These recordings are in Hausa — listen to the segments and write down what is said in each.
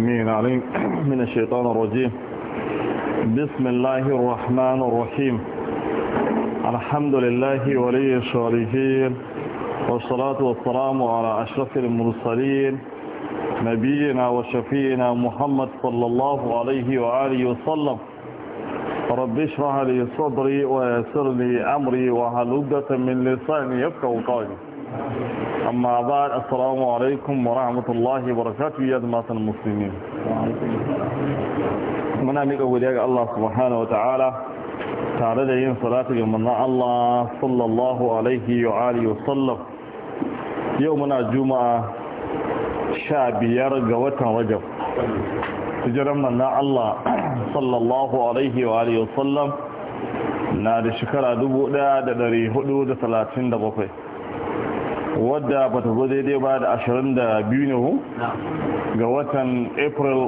السميع العليم من الشيطان الرجيم بسم الله الرحمن الرحيم الحمد لله ولي الصالحين والصلاة والسلام على أشرف المرسلين نبينا وشفينا محمد صلى الله عليه وآله وسلم رب اشرح لي صدري ويسر لي أمري وهل من لساني يبكى وقالي amma ba assalamu alaikum wa rahmatullahi wa barakatuh ya zama san muna miƙa godiya ga Allah subhanahu wa ta'ala tare da yin salatu ga manzon Allah sallallahu alaihi wa sallam yau muna juma'a sha biyar ga watan rajab hijiran manzon Allah sallallahu alaihi wa alihi wa sallam na da shekara wadda ba ta zo daidai ba da 22 ne ga watan april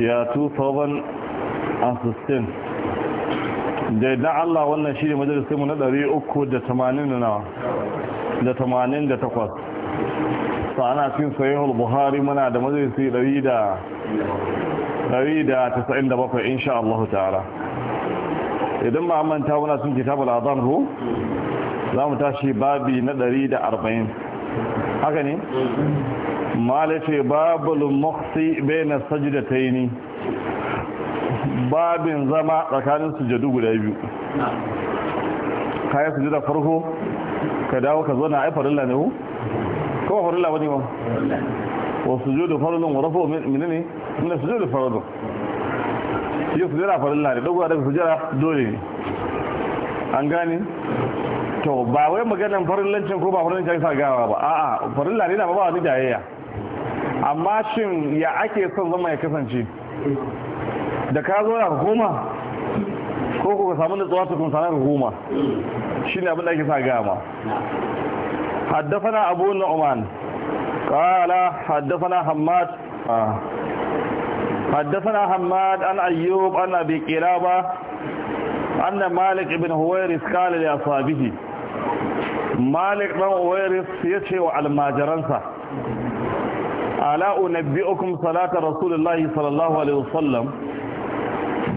ya 2016 da idan allah wannan shi ne mu na 388 ana cin sayihul buhari muna da majalisi 197 insha allahu ta'ala idan ba manta muna sun kitabul azan ruwa. za mu tashi babi na 140 haka ne malace babul ta yi ni. babin zama tsakanin sujadu guda biyu kayan sujuda farko ka dawo ka zo na ai farilla ne ko ko farilla wani ba wa sujudu farlun wa rafu min ne min sujudu farlun yi sujuda farilla ne dogo da sujuda dole ne an gane to ba wai maganan farillancin ko ba farillancin sa gawa ba a'a farilla ne na ba ba wani jayayya amma shin ya ake son zama ya kasance da ka zo da hukuma ko ku samu nutsuwa tsawata kun sanar hukuma shine abin da ake sa gama حدثنا أبو النعمان قال حدثنا حماد حدثنا حماد عن أيوب عن أبي قلابة أن مالك بن هويرس قال لأصحابه malik dan uwairis ya ce wa almajiransa ala unabbi'ukum salata rasulullahi sallallahu alaihi wasallam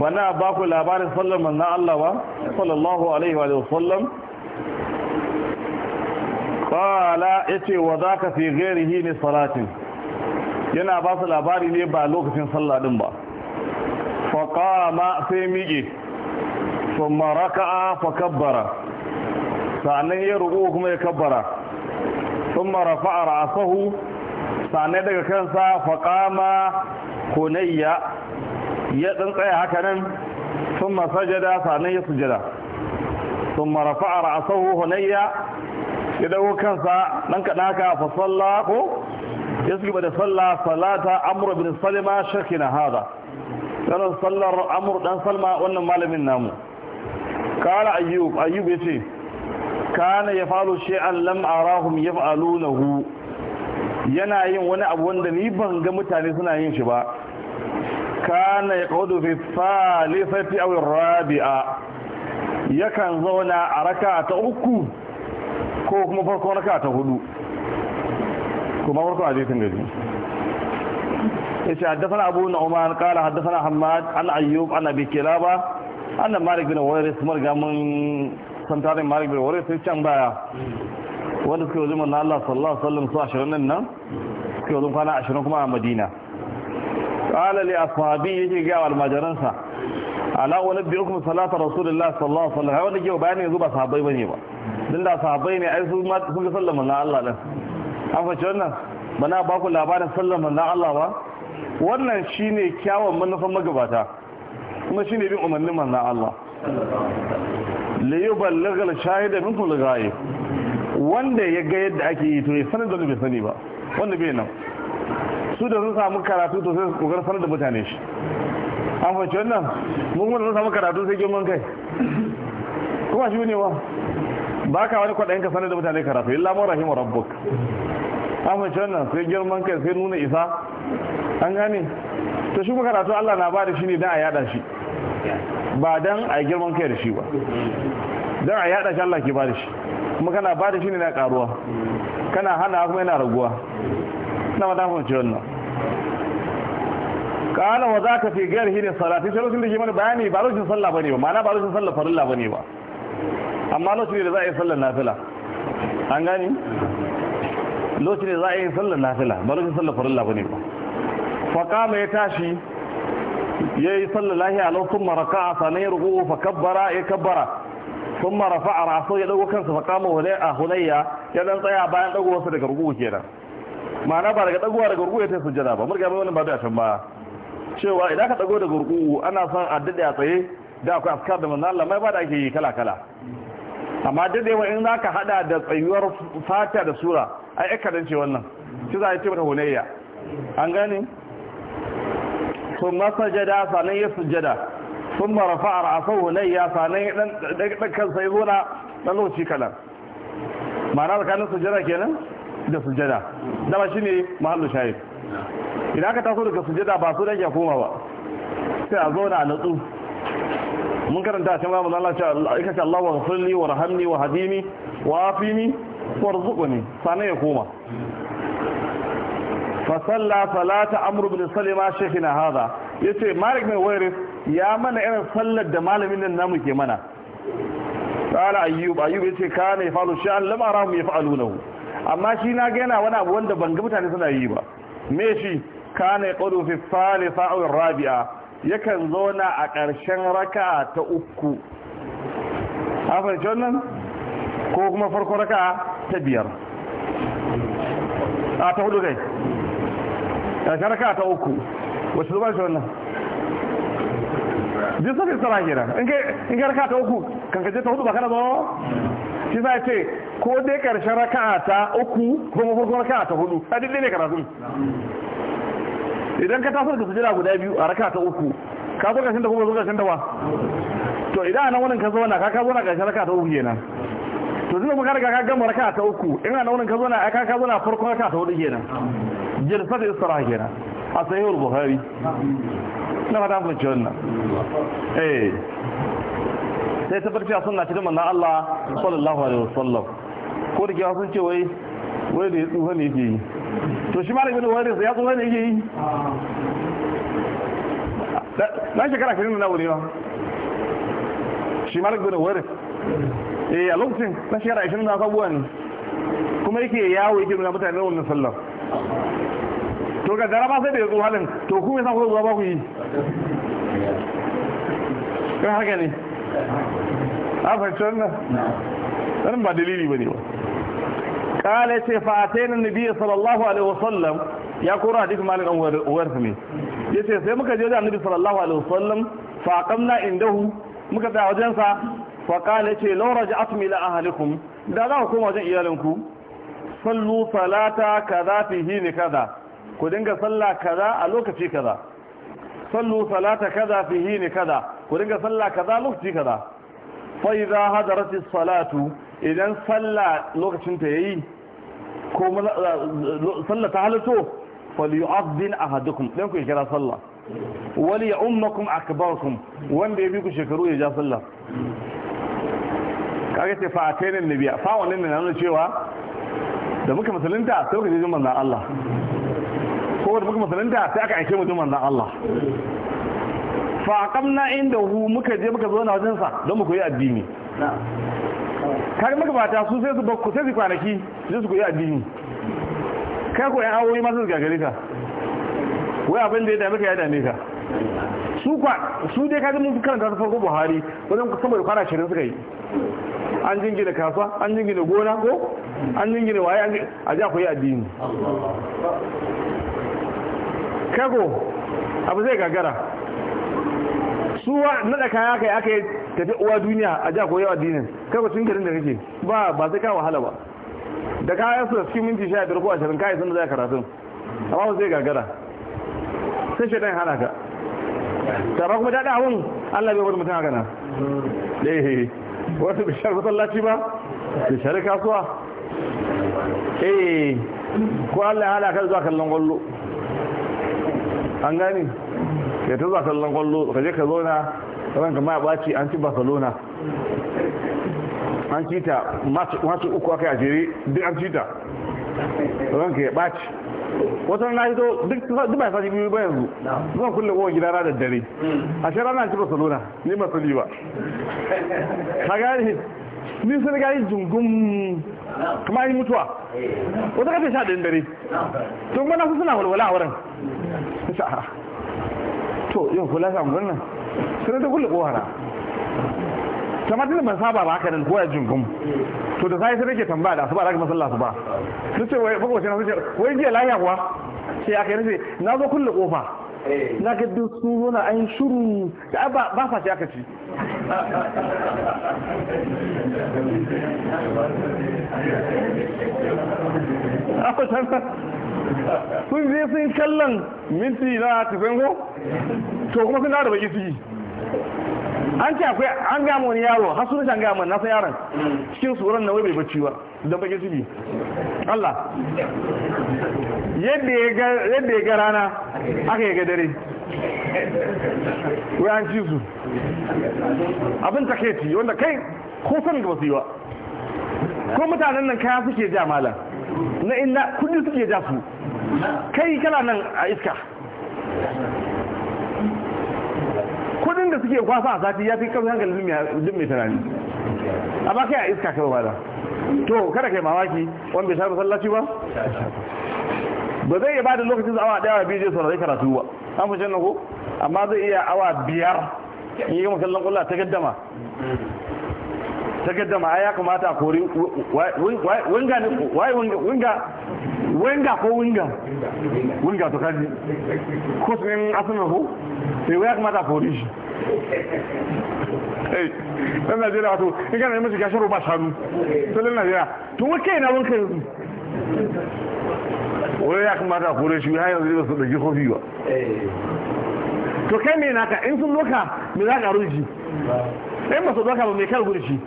bana ba ku labarin sallar na Allah ba sallallahu alaihi wa sallam ya ce wa za ka fi ghairihi min salatin yana ba su labari ne ba lokacin salladin ba fa ma sai miƙe Su maraka fa kabbara sannan ya ruku kuma ya kabbara sun mara fa'ar a ra'asahu sannan daga kansa faƙama kunayya ya tsantsaya haka nan sun masa jada sannan ya sujada sun mara fa'ar a ra'asahu hunayya ya dago kansa ɗan kaɗa haka fasalla ko ya suke da salla salata amur bin salima shakina hada sanar sallar amur ɗan salma wannan malamin namu kala ayyub ayyub ya ce kana ya falo shi'an lam arahum yaf'alunahu yana yin wani abu wanda ni ban ga mutane suna yin shi ba kana ya qawdu fi salisati aw rabi'a yakan zauna a raka ta uku ko kuma farko raka ta hudu kuma farko a jikin gaji yace haddathana abu nu'man qala haddathana hammad an ayyub an abi kilaba an malik bin waris marga mun san tarin malik bai wari sai can baya hmm. wanda suke manna Allah sallallahu alaihi wasallam su ashirin nan nan suka yi kwana ashirin kuma a madina qala li ashabi ga almajaran sa ala wani biyu kuma salata rasulullah sallallahu alaihi wasallam wanda bayani yanzu ba sahabbai ba ne su ma ga Allah bana ba labarin Allah ba wannan shine kyawun manufan magabata kuma shine bin umarnin Allah liyuballagal shahida minkum lagaye wanda ya ga yadda ake yi to ya sanar da bai sani ba wanda bai nan su da sun samu karatu to sai su kokarin sanar da mutane shi an fahimci wannan mun wanda sun samu karatu sai girman kai kuma shi ne ba ba ka wani kwaɗayin ka sanar da mutane karatu illa mun rahimu rabbuk an fahimci wannan sai girman kai sai nuna isa an gane to shi karatu Allah na ba da shi ne da a yada shi ba don a yi girman kai da shi ba don a yada shi Allah ke ba da shi kuma kana ba da shi ne na karuwa kana hana kuma yana raguwa na mata dafa mace wannan kana wa za ka fi gayar shi ne salati sai lokacin da ke mana bayani ba lokacin sallah bane ba ma'ana ba lokacin sallah farilla bane ba amma lokacin da za a yi sallar nafila an gani lokacin da za a yi sallar nafila ba lokacin sallar farilla bane ba fa kama ya tashi ya yi sallallahi a lokacin maraka a ya rugu fa kabbara ya kabbara sun marafa a raso ya dago kansa fa kama a hulayya ya dan tsaya bayan dago wasu daga ruku kenan ma'ana ba daga dagowa daga rugu ya ta sujjada ba murga mai wani ba da can baya cewa idan ka dago daga rugu ana son a dade a tsaye da akwai askar da manzo Allah mai ba da ake yi kala kala amma dadewa in zaka hada da tsayuwar fata da sura ai aka dace wannan shi za a ce mata hulayya an gane ثم سجد فنن يسجد ثم رفع رأسه نيا فنن دكان سيزونا dan lokaci kalan ma'ana tsakanin sujada kenan da sujada dama shine mahallu shahid idan aka taso daga sujada ba su dake koma ba sai a zauna a natsu mun karanta cikin babu Allah ta aika ce Allah wa ghfirli wa rahamni wa hadini wa afini warzuqni sanan ya koma fasalla salata amru bin salima shekina haza ya ce malik mai wairis ya mana irin sallar da malamin nan namu ke mana kala ayyub ayyub ya ce kana ya falu sha'an lam arahu ya fa'alu lahu amma shi na ga yana wani abu wanda ban ga mutane suna yi ba me shi na ya qulu fi thalitha aw rabi'a yakan zauna a ƙarshen raka'a ta uku a ko kuma farko raka'a ta biyar a ta hudu kai ƙarshen raka ta uku wacce zuba shi wannan biyu sun istara kenan in ka raka ta uku kan kaje ta hudu ba kana ba shi sa ce ko dai ƙarshen raka ta uku ko mafarkon raka ta hudu a duk ne karatu idan ka taso da sujira guda biyu a raka ta uku ka zo ƙarshen da kuma zo ƙarshen da ba to idan nan wannan ka zo na ka ka zo na ƙarshen raka ta uku kenan to zai kuma ka riga ka gama raka ta uku in nan wannan ka zo na ka ka zo na farkon raka ta hudu kenan jalsar istiraha kenan a sahihul buhari na fata fahimci wannan eh sai tabbatar a sunna cikin manzon Allah sallallahu alaihi wasallam ko da kiwa sun ce wai wai da ya tsufa ne yake yi to shi ma da ibn waris ya tsufa ne yake yi na shekara kirin na wuri ba shi ma da ibn waris eh a lokacin na shekara 20 na abubuwa ne kuma yake yawo yake nuna mutane na wannan sallar to ga jaraba sai da ya zo halin to ku me sa ku zuwa ba ku yi kan haka ne a fahimci wannan wannan ba dalili ba ne ba kala ce fa'atayin annabi sallallahu alaihi wasallam ya kora hadisi malik an su ne ce sai muka je da nabi sallallahu alaihi wasallam fa na indahu muka tsaya wajen sa fa kala yace law raja'atum la ahlikum da za ku koma wajen iyalinku sallu salata kaza fi hini kaza ku dinga sallah kaza a lokaci kaza sallu salata kaza fi hini kaza ku dinga sallah kaza lokaci kaza fa idza hadarat salatu idan sallah lokacin ta yayi ko eh, sallah ta halato falyu'adhdhin ahadukum dan ku kira sallah wali ya'ummakum akbarukum wanda ya bi ku shekaru ya ja sallah kage ce fa atainin nabiya fa wannan ne nuna cewa da muka musulunta sai ku ji manzon Allah wata da muka musulunta sai aka aike mutum manzan Allah fa inda hu muka je muka zo na wajensa don mu koyi addini kari muka bata su sai su bakku sai su kwanaki su su koyi addini kai ko yan awoyi masu gagare ka wai abin da ya dame ka ya dame ka su kwa su dai kaji mun karanta su farko Buhari wajen sama da kwana shirin suka yi an jingina kasuwa an jingina gona ko an jingina waye a ji akwai addini kago abu zai gagara su wa nada kaya kai aka yi tafi uwa duniya a ja koyo addinin kago cikin garin da kake ba ba sai ka wahala ba da kayan su da cikin minti sha biyar ko ashirin kayan sun da zai karatun amma ba zai gagara sai dan halaka ta ba kuma daɗa hun allah bai wani mutum haka na ɗaya eh, wasu bishar masallaci ba bishar kasuwa eh ko allah ya halaka zuwa kallon kwallo an gani ya ta za kallon kwallo ka je ka zauna ran ka ma ɓaci an ci barcelona an ci ta mace uku aka yi a jere duk an ci ta ran ka ya ɓaci wata na hito duk ba sashi biyu ba yanzu zan kulle kowa gida da dare a shi rana ci barcelona ni masu sani ba ka gani ni sun gari jungun kuma yi mutuwa wata kafin sha ɗin dare tun mana su suna walwala a wurin sa'a to yin kula samun gwamnan sai da kullu kohara kamar tunda ban saba ba haka nan ko to da sai sai nake tambaya da ba da kuma sallah ba, sai ce wai bako sai na ce wai jiya lafiya kuwa sai aka nace na zo kullu kofa eh. na ga duk sun zo na an shuru da ba ba sa ce aka ci Aku sun je sun kallon minti na tafiyan ko to kuma sun da baki su an ce akwai an gama wani yaro har sun shan gama nasa yaron cikin tsoron na wai bai bacci ba da baki su Allah yadda ya ga rana aka ya ga dare wai an ci su abin takaici wanda kai ko san ga su yi ba ko mutanen nan kaya suke ja malam na inna kudi suke da su kai kana nan a iska kudin da suke kwasa a sati ya fi kan hankali duk mai tunani amma kai a iska kai bada to kada kai mamaki wani bai sha masallaci ba ba zai iya bada lokacin awa daya wa biyu zai saurari karatu ba an fi jannan ko amma zai iya awa biyar in yi masallin kulla ta gaddama ta gaddama ai ya kamata a kori winga ne wai winga winga ko winga winga to kaji ko sun asuna ko sai ya kamata a kori shi eh ɗan Najeriya wato in gana yi mishi gashin roba shanu to dan Najeriya to wai kai na wanka yanzu wai ya kamata a kori shi ya yanzu ba su dauki kofi ba to kai ne naka in sun loka me za ka ruji in ba su ba mai kar gudu shi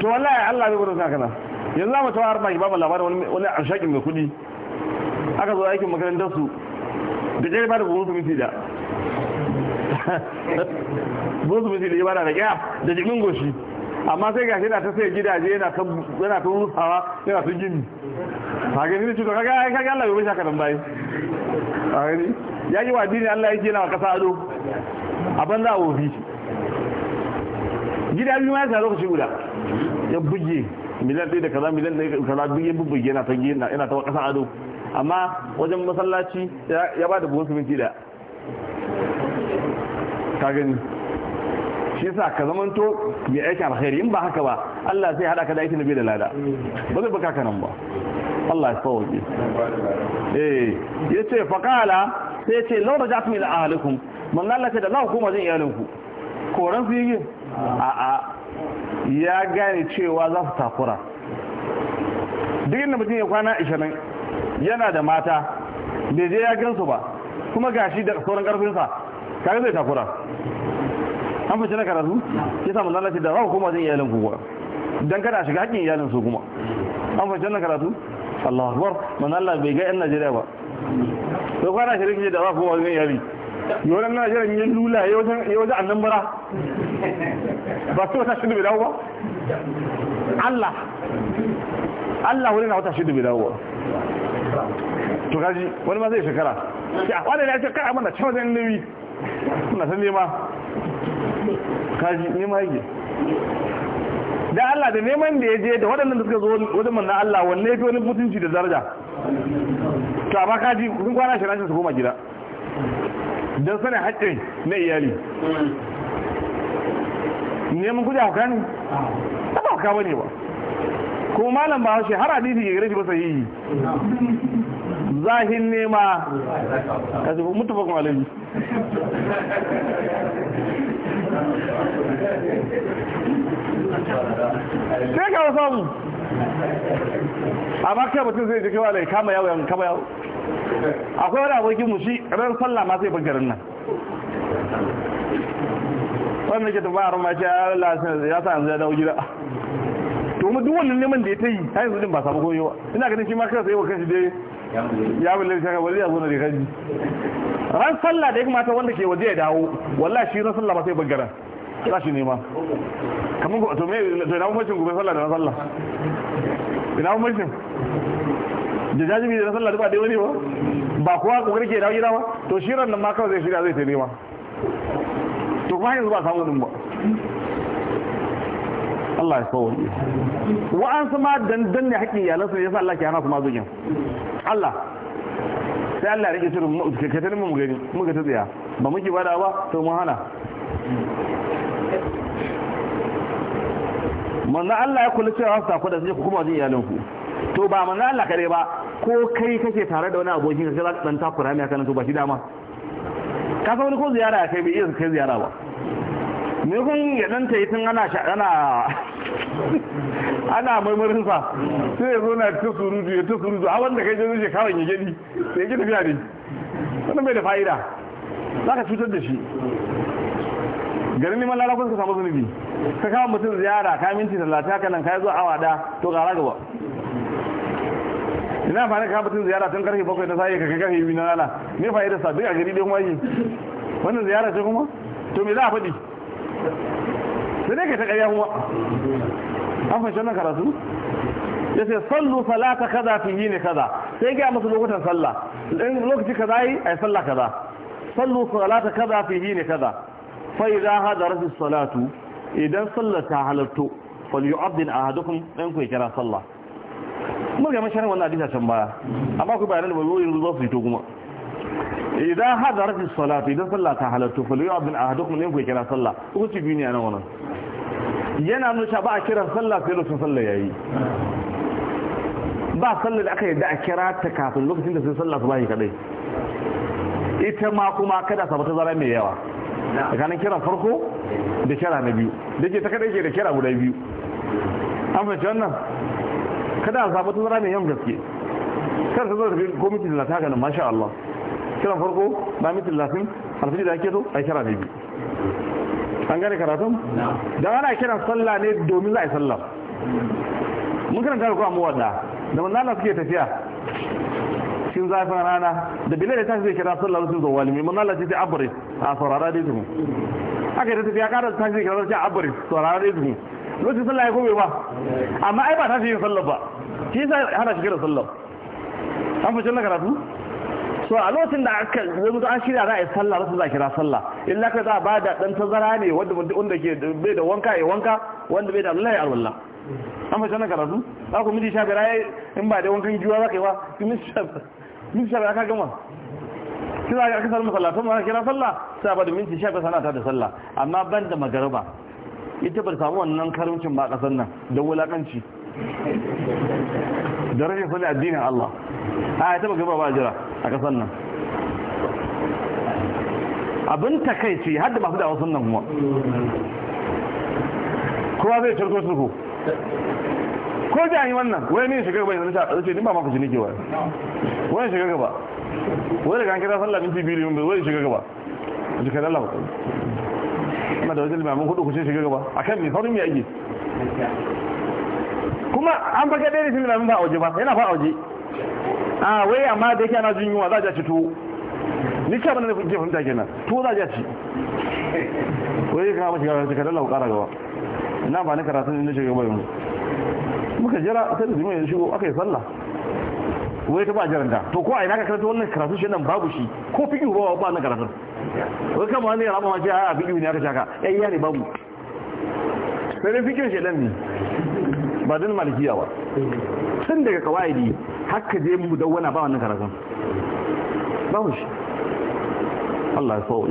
to wallahi Allah bai gudu na. yanzu mu tawa harma ba mu labarin wani wani anshakin mai kudi aka zo aikin makarantar su da jari ba da buhun su misi da buhun su misi da ibada da kya da jikin goshi amma sai gashi yana ta sai gidaje yana ta yana ta rusawa yana ta gini ka gani ne cuta kaga kaga Allah bai shaka dan bai ka gani wa dini Allah yake yana kasa ado a banza a wofi gida biyu ya sa lokaci guda ya buge miliyan ɗaya da kaza miliyan ɗaya da kaza buge ya na ta gina yana ta waƙasa ado amma wajen masallaci ya ba da buhun siminti da. ka gani shi yasa ka zamanto mai aiki alkhairi in ba haka ba Allah sai hada ka da aikin nabi da lada ba zai baka kanan ba Allah ya sauke eh yace fa qala sai yace law raja'tum ila ahlikum man lallata da law kuma zan iyalinku koran su yi a'a ya gane cewa za su takura duk inda mutum ya kwana ishirin yana da mata bai je ya gansu ba kuma gashi da sauran karfinsa kaga zai takura an fashe na karatu ya samu lalace da rawa kuma zai iyalin kuwa don kada shiga hakkin iyalin su kuma an fashe na karatu Allah akbar man Allah bai ga yan Najeriya ba sai kwana shirin da rawa kuma zai yari yoran na jiran yin lula ya a annan bara ba su wata shidu bai dawo ba Allah Allah wani na wata shidu bai dawo ba to kaji wani ma zai shekara ya wani na shekara mana cewa zan nawi na san nema kaji nema yake da Allah da neman da ya je da waɗannan da suka zo wani manna Allah wanne ya fi wani mutunci da daraja to amma kaji kun kwana shi su koma gida don sanin haƙƙin na iyali neman kuɗi hauka ne ba hauka ba ne ba kuma malam ba shi har hadisi ya gare shi ba yi zahin nema ka ce mutu ba kuma alaji sai ka amma kai mutum zai jike wala ya kama yawo yawon kama yawo akwai wani abokin mu shi ran sallah ma sai ban nan wanda ke tafiya a ma ce ya sa yanzu ya dawo gida to mu duk wannan neman da ya ta yi ta yanzu din ba samu koyo ina ganin shi ma kansa yi wa kanshi dai ya bulle shaka wani ya zo na rikaji ran sallah da ya kamata wanda ke waje ya dawo wallahi shi ran sallah ma sai ban za shi nema kamar ku to me to ina mamashin gobe sallah da na sallah ina mamashin da jajibi da na sallah ba dai wani ba ba kowa kokari ke dawo gida ba to shi nan ma kawai zai shirya zai ta nema to kuma yanzu ba samu wani ba Allah ya kawo wa an sama dandan ne haƙƙin iyalansa ne yasa Allah ke hana su mazugin Allah sai Allah ya rike su ka tarin mu gani muka ta tsaya ba muke bada ba to mu hana manzan Allah ya kula cewa su tafi da zai kuma wajen iyalin ku to ba manzan Allah kare ba ko kai kake tare da wani abokin ka sai ka dan takura mai kana to ba shi dama ka san wani ko ziyara ya kai bai iya kai ziyara ba me kun ya dan tayi tun ana ana ana marmarin sa sai ya zo na ta surutu ya ta surutu a wanda kai je kawai ya gani sai ki tafiya ne wannan bai da fa'ida zaka cutar da shi garin neman lalakun suka samu zunubi ka kama mutum ziyara ka minti talata haka nan ka zo awa da to gara gaba ina fa ne ka mutum ziyara tun karfe bakwai na sai ka kai karfe biyu na lala me fa da sabbin a gari dai kuma yi wannan ziyara ce kuma to me za a faɗi sai dai ka ta ƙarya kuma an fahimci wannan karatu ya ce sallu salata kaza fi yi ne kaza sai ga masu lokutan sallah lokaci kaza yi a yi sallah kaza sallu salata kaza fi yi ne kaza fa idza hadarat as-salatu idan sallata halatto a hadukun ɗan ku kira sallah mun ga masharar wannan adisa can baya amma ku bayanan da bayoyi zo su fito kuma idan hadarat as-salatu idan sallata halatto a hadukun ɗan ku kira sallah ku ci biyu ne a nan wannan yana nuna ba a kiran sallah sai lokacin sallah yi ba sallar da aka yadda a kira ta kafin lokacin da sai sallah su shi kadai ita ma kuma kada sabata zara mai yawa tsakanin kiran farko da kira na biyu da ke ta kada yake da kira guda biyu an fahimci wannan kada a samu tuzura mai yan gaske Kada ta zo da ko miti da haka nan masha Allah kiran farko ba miti talatin alfiji da ake so a kira na biyu an gane karatun don ana kiran sallah ne domin za a yi sallah mun karanta da kuma muwadda da manzana suke tafiya cikin zafin rana da bilal ya tashi zai kira sallar sun zuwa walimi mun Allah ce abri a saurara dai tumu aka da tafiya kada tashi zai kira sallar abri saurara dai tumu lokacin sallah ya kome ba amma ai ba tashi yin sallar ba shi yasa hana shi kira sallar an fice na karatu so a lokacin da aka zai mutu an shirya za a yi sallah rasu za a kira sallah illa ka za a ba da ɗan tazara ne wanda wanda ke bai da wanka ya wanka wanda bai da Allah ya alwala an fashe na karatu za ku miji sha biyar in ba da wankan juwa za ka yi ba ku miji sha biyar minti sha biyar ka gama sai za a aka samu masallatan ma kira sallah sai ba da minti sha biyar sanata da sallah amma ban da magaraba ita ba samu wannan karuncin ba kasar nan da wulakanci da rashin sani addinin Allah a ya taba gaba ba jira a kasar nan abin takaici har da masu da'awar sunan kuma kowa zai cirko cirko ko da yi wannan wai ne shiga gaba yanzu ta tsaye ni ba ma fushi nake wai wai shiga gaba wai daga an kira sallah minti biyu ne wai shiga gaba jika da ba. kuma da wajen limamin hudu kuce shiga gaba akan ne saurin ya ake kuma an baka ɗaya da shi limamin ba a waje ba yana fa a waje a wai amma da yake ana jin za a ci tuwo ni ka bana da kuke fahimta kenan tuwo za a ci wai ka ba, gaba jika da Allah ku kara gaba ina ba ni karatun ne shiga gaba yanzu muka jira sai da juma'a ya shigo aka yi sallah wai ta ba jaranta to ko a ina ka karanta wannan karatu shi nan babu shi ko fiki ba ba na karatu wai kama wani ya rama ma ce a fiqi ne aka shaka ai ya ne babu sai dai fiqi shedan ne ba dan malikiya ba tun daga kawaidi haka je mu dawwana ba wannan karatu babu shi Allah ya sauke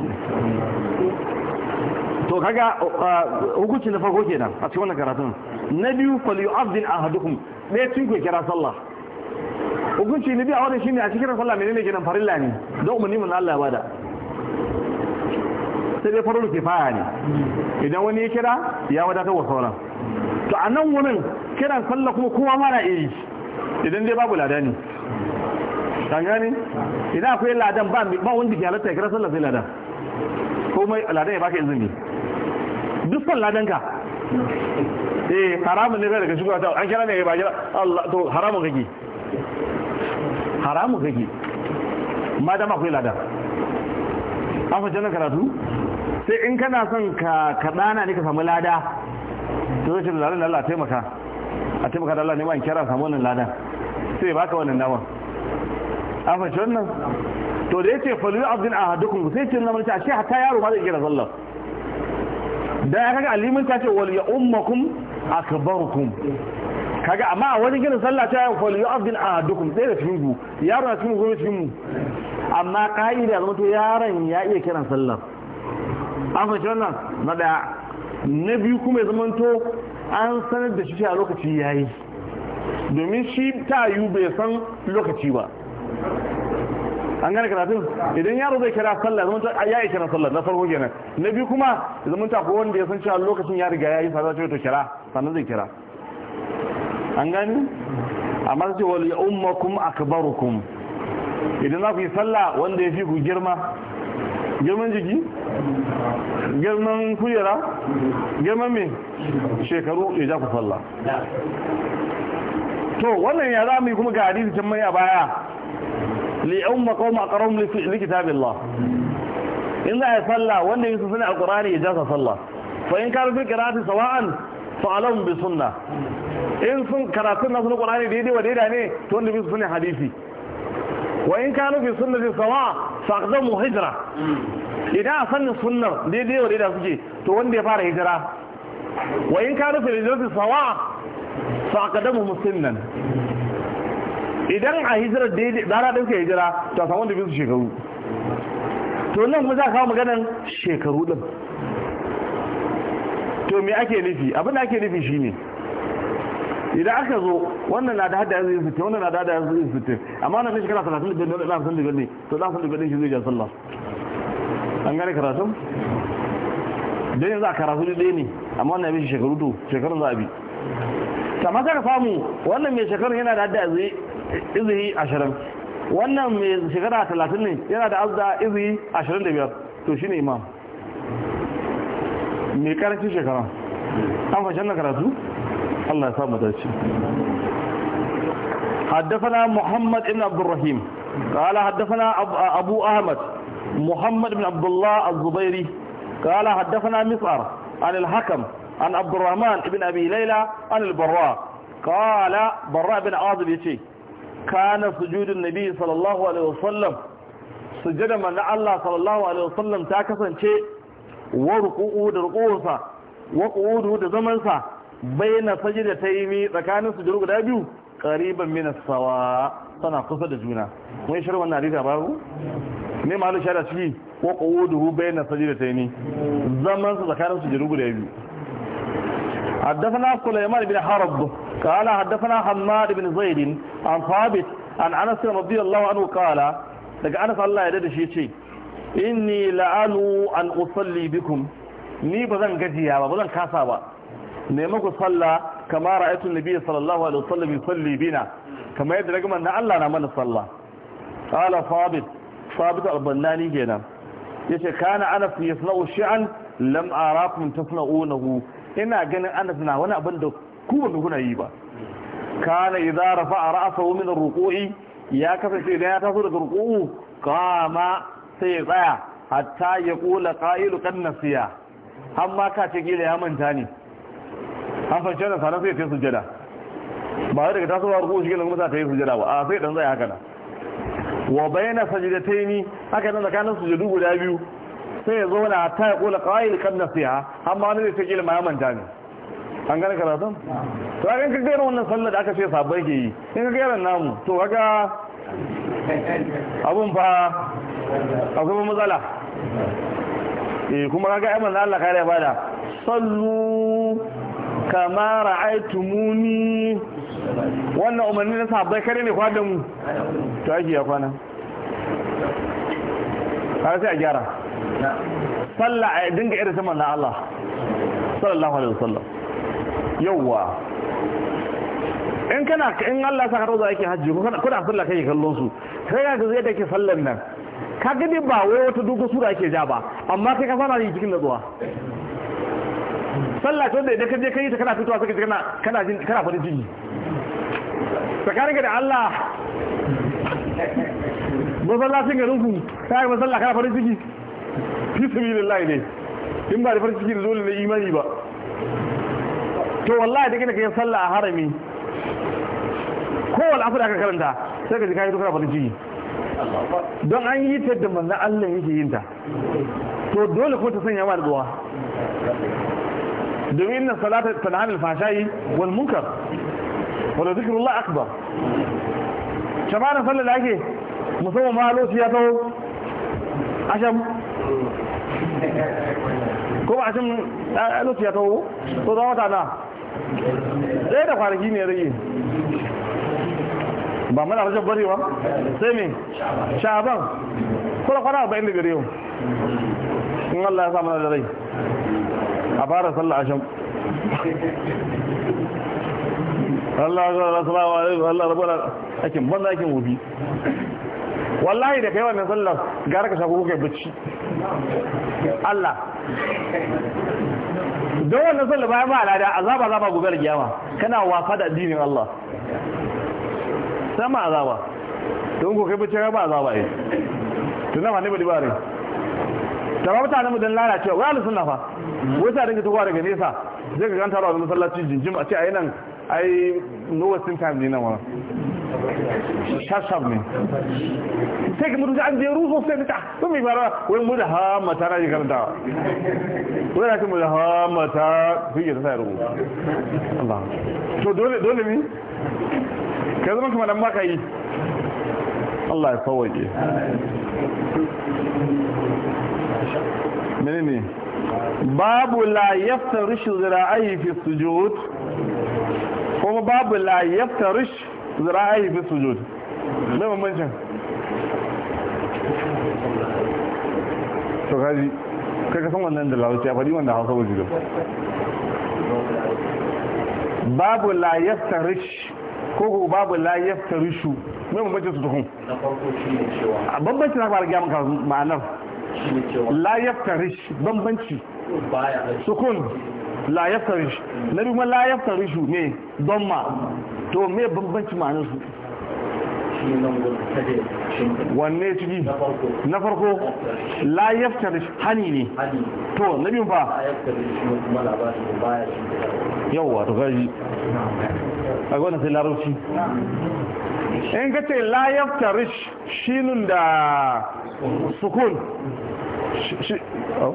to kaga uh, hukunci na farko kenan a cikin wannan karatun na biyu a ahaduhum ɗaya cin ku kira sallah hukunci na biyu a shi ne a cikin sallah menene kenan farilla ne don umarni mun Allah ba bada sai dai ke fara ne idan wani ya kira ya wadatar wa sauran to a nan wurin kiran sallah kuma kowa mara iri idan dai babu lada ne kan idan akwai ladan ba ba wanda ke halatta ya kira sallah sai ladan ko mai ladan ya baka izini duk son ladan ka eh haramun ne daga shigowa ta an kira ne ba kira Allah to haramun kake haramun kake madama akwai lada an fahimci na karatu sai in kana son ka kaɗana ne ka samu lada to yake da lada Allah taimaka a taimaka da Allah ne ma in kira samu wannan lada sai baka wannan dama an fahimci wannan to da yace falu abdin ahadukum sai ce na mulki ashe hatta yaro ma zai kira sallah Da ya kaga alimin ta ce wal ya ummakum akbarukum kaga amma wani gina sallah ta yau kwallo a dukkan tsaye da cikin yaro na cikin gobe cikin amma ka'ida zama to yaron ya iya kiran sallah an fahimci wannan na daya na biyu kuma ya zama to an sanar da shi a lokaci yayi domin shi ta yi bai san lokaci ba an gane karatun idan yaro zai kira sallah zaman ya yi kira sallah na farko kenan na biyu kuma zama ta ko wanda ya san cewa lokacin ya riga ya yi fara ce to kira sannan zai kira an gane amma sai wal ummakum akbarukum idan za ku yi sallah wanda ya fi ku girma girman jiki girman kujera girman me shekaru ya ja ku sallah to wannan ya za mu yi kuma ga hadisi can mai a baya li'un maqam aqram li kitabillah in za a salla wanda yi sunna alqur'ani ya jasa salla fa in kana bi qira'ati sawa'an fa alam bi sunna in sun karatu na sunna qur'ani daidai wa daidai ne to wanda bi sunna hadisi wa in kana bi sunnati sawa fa aqdamu hijra idan a sannin sunnar daidai wa daidai suke to wanda ya fara hijira wa in kana fi hijrati sawa fa aqdamu musliman idan a hijirar daidai zara ɗin hijira to a samu da bisu shekaru to nan kuma za a kawo maganan shekaru ɗin to me ake nufi abin da ake nufi shine idan aka zo wannan na da hada yanzu yin sittin wannan na da hada yanzu yin sittin amma wannan shi shekara talatin da biyar da hamsin da biyar ne to da hamsin da biyar shi zai ja sallah an gane karatun don yanzu a karatu da ɗaya ne amma wannan ya shekaru to shekarun za a bi ta sai ka samu wannan mai shekarun yana da hada yanzu izihi ashirin wannan mai shekara talatin ne yana da azda izihi ashirin da biyar to shi ne imam mai karancin shekara an fashen na karatu Allah ya samu dace حدثنا محمد بن عبد الرحيم قال حدثنا أبو أحمد محمد بن عبد الله الزبيري قال حدثنا مسعر عن الحكم عن عبد الرحمن بن أبي ليلى عن البراء قال براء بن عاظب يتي kana sujudun nabi sallallahu alaihi wasallam sujada manzo Allah sallallahu alaihi wasallam ta kasance wa ruku'u da ruku'unsa wa qu'udu da zaman sa baina sajdataini tsakanin sujudu guda biyu qariban min as-sawa tana kusa da juna mun shirwa wannan hadisi babu ne ma Allah shara shi wa qu'uduhu baina sajdataini zaman sa tsakanin sujudu guda biyu حدثنا سليمان بن حرب قال حدثنا حماد بن زيد عن ثابت عن انس رضي الله عنه قال daga anas Allah ya dade shi ce inni la'alu an usalli bikum ni bazan gajiya ba bazan kasa ba ne muku salla kama ra'aytu nabiyyi sallallahu alaihi wasallam yusalli bina kama yadda daga manna Allah na mana salla qala thabit thabit al-bannani kenan yace kana anas yasna'u shay'an lam ina ganin anas na wani abin da ku ba kuna yi ba kana idza rafa'a ra'sahu min ar-ruku'i ya kasance idan ya taso daga ruku'u kama sai ya tsaya hatta ya kula qailu kan nasiya har ma ka ce gila ya manta ne an fashe da sanan sai ya sujada ba daga tasowa ruku'u shi gila kuma ta yi sujada ba a sai dan tsaya haka na wa bayna sajdataini haka nan tsakanin sujudu guda biyu sai ya zo na ta ya kula kawai kan nasiha amma wani zai ce ma ya manta ne an gane karatun to a ka gaira wannan sallar da aka ce sabon ke yi in ka gaira namu to kaga abun fa a kuma matsala E, kuma kaga ai manzo Allah kare bada sallu kamara aitumuni wannan umarni na sabai kare ne kwadon mu to ake ya kwana har sai a gyara Salla a eh, dinga irin ta na Allah sallallahu alaihi wasallam yawa in kana in Allah saka roza yake hajji ko kuna sallah kai kallon su sai ka ga yadda ke sallar nan ka gani ba wai wata dogon sura yake ja ba amma kai ka fara yi cikin nutsuwa sallah to da ka je kai ta kana fitowa saka kana kana jin kana farin jini tsakanin da Allah masallacin garin ku kai masalla kana farin jini fi sabilillahi ne in ba da farin ciki da dole ne imani ba to wallahi da kina kai sallah a harami ko wal asr aka karanta sai ka ji kai dukkan farin ciki don an yi ta da manzon Allah yake yin ta to dole ko ta sanya ma da duwa domin inna salata tanha anil fahsha'i wal munkar wa la zikrullah akbar Kamar sallah da ake musamman ma lokaci ya taho asham ko ba asham lokaci ya kawo ko zama wata na ɗaya da kwanaki ne rage ba mana rajab bari ba sai ne kula kwana arba'in da yau in Allah ya sa mana da rai a fara sallah asham Allah ya sa Allah rabu da aikin banda akin wubi wallahi da kai wannan sallar gara ka shafi kuka bacci Allah don wannan sallar bayan ba alada azaba zaba gobe da kiyama kana wafa da addinin Allah sama azaba don kuka kai bacci ba azaba yi tunan ma ne ba dibare ta ba mutane mu don lalacewa wai alisun na fa wai sa dinga tuwa daga nesa zai ka ganta da wani masallaci jinjim a ce a yi nan ai no wasting time ne nan wani مش هشرب منه تجمد مش عندي روح وفي تحت ثم يبقى والمدهامة أنا يجي كلام باب لا يفترش ذراعيه في السجود هو باب لا يفترش ra'ayi fi sujud mai mamancin to kaji kai kasan wannan da larabci a faɗi wanda hausa wajen babu la yaftarish ko ko babu la rishu mai mamancin su tukun a bambanci na fara gaya ma'anar Layasta cewa la bambanci sukun la yaftarish na biyu la rishu ne don ma to me bambanci ma'anin su wanne ciki na farko la yaftar hani ne to na biyun ba yawwa to gaji a gwada sai larabci in ka ce la yaftar shinun da sukun shi oh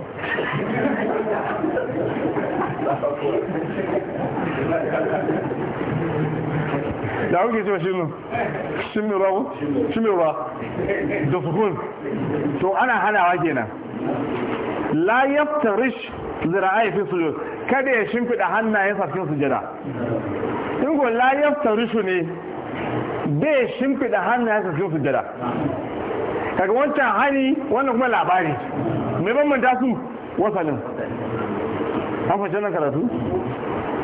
da kuke cewa shi nun shimira ku shimira da sukun to ana hanawa kenan la yaftarish zira'ai fi sujud kada ya shimfida hannayen cikin sujada in ko la yaftarishu ne bai shimfida hannayen cikin sujada kaga wancan hani wannan kuma labari mai bambanta su wasanin an fashe nan karatu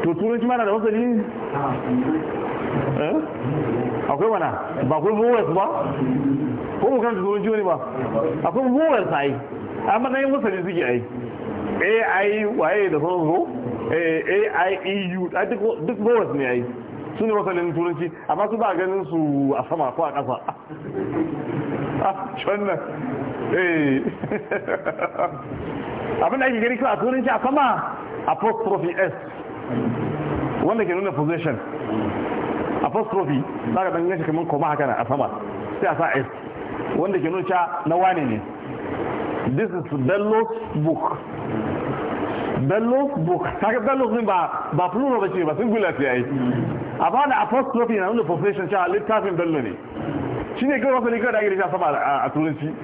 to turanci mana da wasali eh? akwai mana ba akwai buwar ba ko mu kan turanci wani ba akwai buwar sa yi a matsayin wasali suke ai eh, e, ai waye da sauran zo aieu duk buwar ne ai su ne wasalin turanci amma su ba ganin su a sama ko a ƙasa wannan eh abin da ake gari kawai a turanci a sama apostrophe s wanda ke nuna position apostrophe za ka ɗan gashi kamar koma haka na a sama sai a sa s wanda ke nuna cewa na wane ne this is bellows book bellows book ta ga bellows din ba ba plural ba ce ba singular ce yayi a ba da apostrophe na nuna position cewa littafin bello ne shi ne kawai wasanni kawai da ake da sama a turanci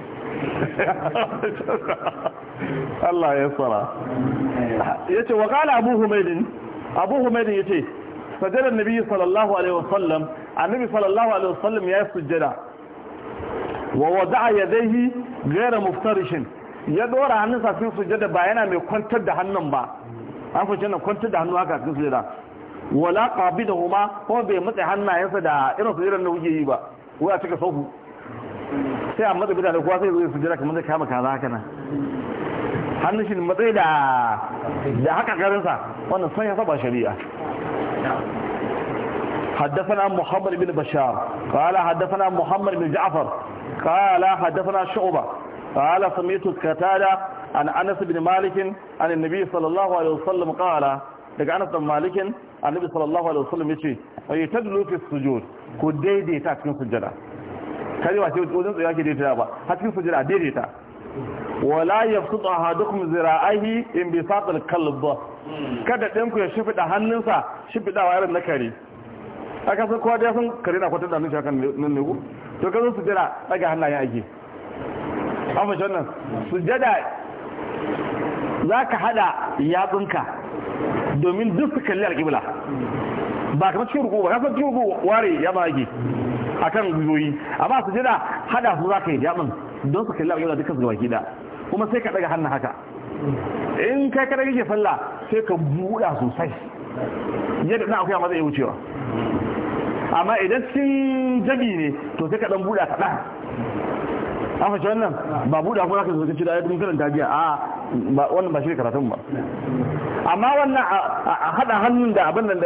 Allah ya tsara ya ce waƙala abu humaidin abu humaidin ya ce sajadar nabi sallallahu alaihi wasallam annabi sallallahu alaihi wasallam ya yi sujjada wa wada'a yadayhi gaira muftarishin ya dora hannun safin sujjada ba yana mai kwantar da hannun ba an fice na kwantar da hannun haka cikin sujjada wala kuma kuma bai matsa hannayensa da irin sujjada na wuke yi ba wai a cika sofu sai a matsa bida da kuwa sai zai sujjada kamar zai kama kaza haka nan hannun shi matsayi da da haka garinsa wannan sun ya saba shari'a حدثنا محمد بن بشار قال حدثنا محمد بن جعفر قال حدثنا شعبة قال سميت كتادة عن أنس بن مالك عن النبي صلى الله عليه وسلم قال لك أنس بن مالك النبي صلى الله عليه وسلم يتي ويتدلو في السجود ku daidaita cikin sujjada kare wace wajen tsaye ake daidaita ba a cikin sujjada daidaita wala yabsutu duk zira'ahi in bi satil kalb kada ɗinku ya fiɗa hannunsa shifidawa irin na kare A san kowa da sun kare na kwatar da hannun shakan nan ne ku to ka zo sujjada daga hannayen ake an fashe wannan sujjada za ka hada yatsunka domin duk su kalli alƙibla ba kamar cikin ruku ba kasar cikin ruku ware ya ba yake akan guyoyi amma su jira hada su za ka yi jamin don su kalli abin da dukkan su gabaki gida kuma sai ka daga hannun haka in kai ka daga ke sallah sai ka buɗa sosai yadda na akwai matsayin wucewa amma idan cikin jami ne to sai ka ɗan buɗa kaɗan an fashe wannan ba buɗe akwai zaka zoce da ayyukan karanta jiya a wannan ba shi karatun ba amma wannan a haɗa hannun da abin nan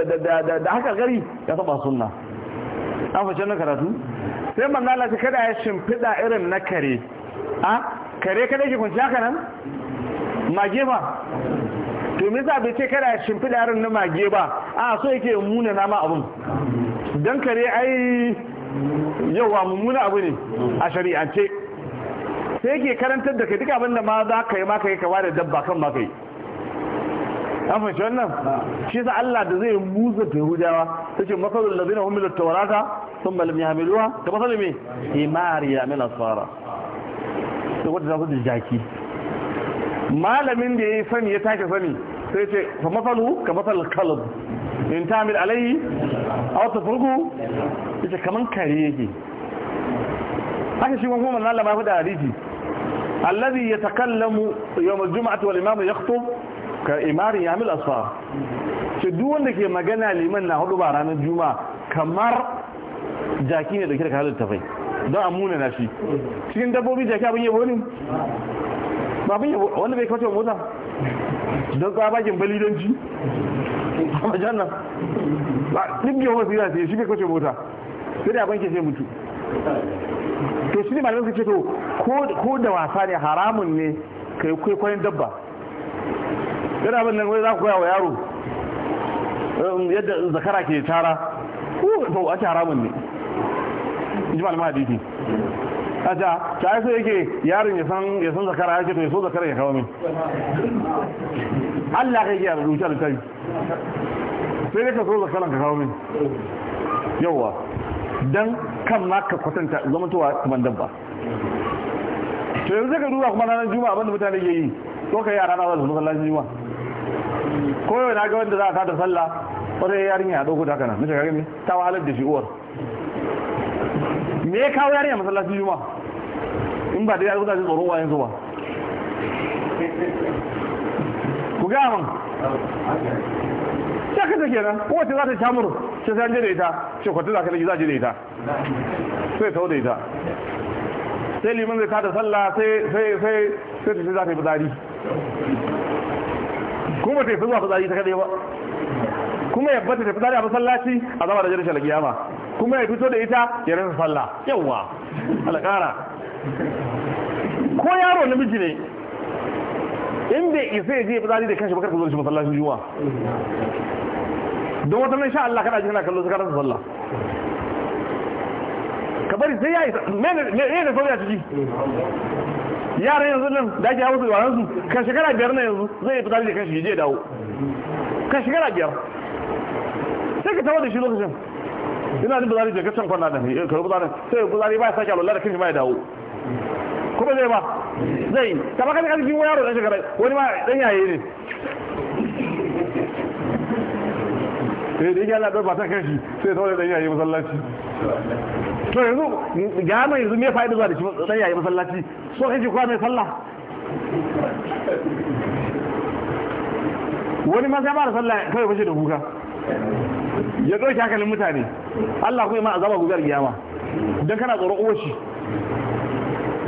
da haka gari ya saba sunna an fashe wannan karatu sai man Allah ta kada ya shimfida irin na kare a kare kada ke kunci haka nan mage ba to me za bai ce kada ya shimfida irin na mage ba a so yake muna nama abun dan kare ai yauwa mummuna abu ne a shari'ance sai yake karantar da kai duk abinda ma za ka yi ma ka yi kama da dabba kan ma kai. yi an fashe wannan shi sa Allah da zai musa ta hujawa ta ce masalul da zai na at-taurata thumma ya hamiluwa ta masalul me himari ya mila tsara to wata za su jaki malamin da ya yi sani ya tashi sani sai ce fa masalu ka masal kalb in ta tamil alayhi aw tafrugu ita kamar kare yake haka shi kuma mallan ya fi da hadisi الذي يتكلم يوم الجمعة والإمام يخطب كإمار يعمل أصفار تدون لك يما مجانا لمن نهضب باران الجمعة كمر جاكين يدكرك هذا التفاي ده أمونا ناشي شكين دبو بي جاكي أبي يبوني ما بي يبوني bai kwace mota don kawo bakin balidanci a majannan ba duk yawon masu yana sai shi bai kwace mota sai da abin ke to shi ne malamai suka ce to ko da wasa ne haramun ne ka yi kwaikwayon dabba yana abin nan wai za ku koya wa yaro um, yadda zakara ke tara ko to a ce haramun ne in ji malamai hadisi a ta ta yi sai yake yaron ya san ya san zakara ya ce to ya so zakara ya kawo min Allah kai ya rubuta da kai sai ka so zakaran ka kawo min yawwa don kan ma ka kwatanta zamantowa kamar dabba to yanzu ka duba kuma ranar juma'a abinda mutane ke yi ko ka a na wasu masallacin juma'a ko yau na ga wanda za a tada sallah wata yarinya a ɗauko takana mace ka gani ta wahalar da shi uwar me ya kawo yarinya masallacin juma'a in ba da yarinya mutane tsoron wayan zuwa ku gama min kasa kenan kowace za ta shamuru sai san je da ita ce kwata za ka da za je da ita sai tawo da ita sai liman zai tada sallah sai sai sai sai ta ce za yi fitsari kuma ta yi zuwa fitsari ta kadai kuma ya bata ta fitsari a masallaci a zama da jirin shalagiyama kuma ya fito da ita ya rasa salla yawa alƙara ko yaro namiji ne inda isa ya je fitsari da kashi bakar ka zo shi masallacin juma'a don wata nan sha Allah kana jina kana kallo zakaran sallah ka bari sai yayi me ne ne sauri a ciki yare yanzu nan da ke hawo su yaran yanzu kan shekara biyar na yanzu zai fita da kanshi je dawo kan shekara biyar sai ka tawo da shi lokacin ina da bazari da ka kwana da ne ka rubuta sai bazari ba ya sake alwala da kanshi ba ya dawo kuma zai ba zai ta baka da cikin wani yaro da shekara wani ma dan yaye ne sai eh, da yana ɗauka ba ta kashi sai ta da yayi masallaci to yanzu ga mai yanzu me fa'ida zuwa da shi dan yayi masallaci so kake kwa mai sallah wani ma sai ba da sallah kawai bashi da kuka ya ɗauki hankalin mutane Allah kuma ma azaba gugar giyama dan kana tsoron uwar shi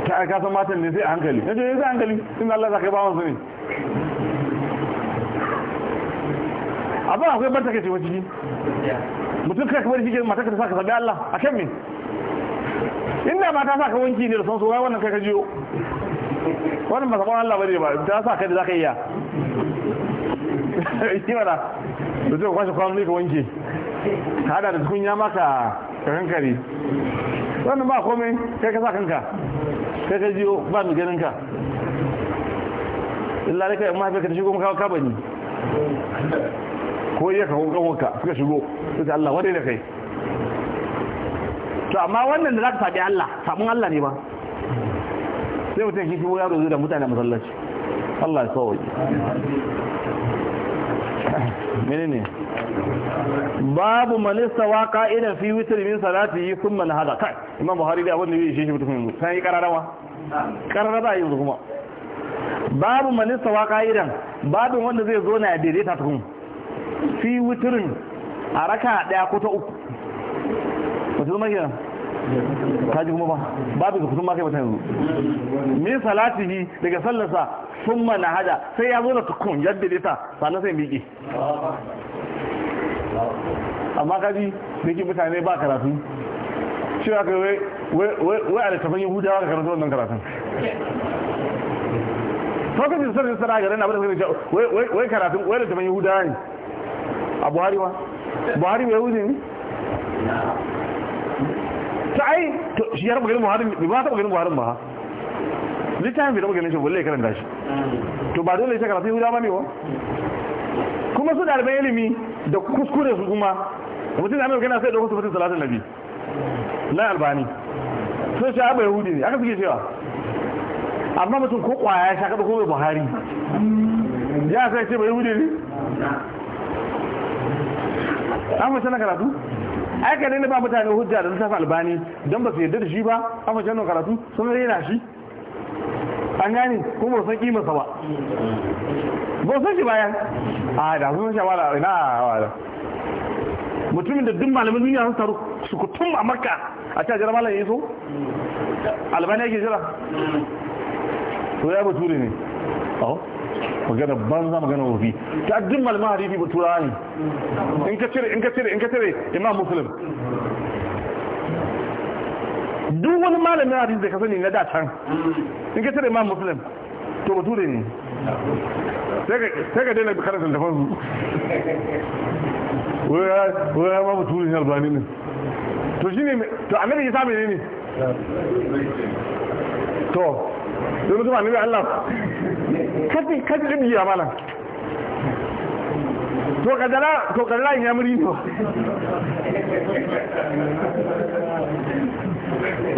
ta aka san matan ne sai a hankali ne eh, sai a hankali tun Allah zaka ba mu ne abin akwai ban take wa ciki mutum kai kamar cikin mata ka ta saka sabi Allah a kan min inda mata sa ka wanki ne da son soya wannan kai ka jiyo wannan ba sabon Allah ne ba ta sa kai da za iya yi mana da zai kwashe kwanu ka wanke ka hada da tukunya maka ka hankali wannan ba komai kai ka sa kanka kai ka jiyo ba mu ganin ka illa dai kai mahaifiyarka ta shigo maka kabani ko iya kawo hukun wanka suka shigo suka Allah wadai da kai to amma wannan da za ka sabi Allah samun Allah ne ba sai mutum shi shigo yaro zuwa da mutane masallaci Allah ya kawai mene ne babu manista wa ka'idan fi witir min salati yi sun man hada kai imam buhari da abin da yi shi mutum yanzu sai yi kararrawa kararrawa yanzu kuma babu manista wa ka'idan babin wanda zai zo na daidaita tukun fi witirin a raka daya ko ta uku wata zama gina ta ji kuma ba babu da kusan ma kai ba ta yanzu min ne daga sallarsa sun na hada sai ya zo da tukun yadda dita sannan sai miƙe amma kaji da ke mutane ba karatu shi ya wai wai a littafin yahudawa ka karatu wannan karatun lokacin sarrafa sarari garin abin da suka wai karatun wai littafin yahudawa ne a buhari ba buhari mai yahudi ne ta ai shi ya raba ganin buhari bai ba taba ganin buhari ba littafin bai taba ganin shi balle karanta shi to ba dole ita karatu yahuda ba ne wa kuma su ɗaliban ilimi da kuskure su kuma mutum da mai gana sai ɗaukar sufatin salatin salatun nabi na albani sun sha abu yahudi ne aka suke cewa amma mutum ko kwaya ya kaɗa ko buhari ya sai ce bai yahudi ne an mace na karatu ai ka daina ba mutane hujja da lissafi albani don ba su yarda da shi ba an mace na karatu sun na shi an gani kuma ba san kimarsa ba ba san shi bayan a da sun shawara ina wala mutumin da duk malamin duniya sun taru su kutum a makka a cikin jira malam yaso albani yake jira to ya bature ne magana banza magana wofi ta duk malaman hadisi ba turawa in ka cire in ka cire in ka cire imam muslim duk wani malamin hadisi da ka na da in ka cire imam muslim to bature ne sai ka daina karanta da fansu waya ma bature ne albani ne to shi ne to annabi ya sami ne ne to sai mutum annabi allah kafin kaji ɗin biya malam to kadara to kadara in yamuri to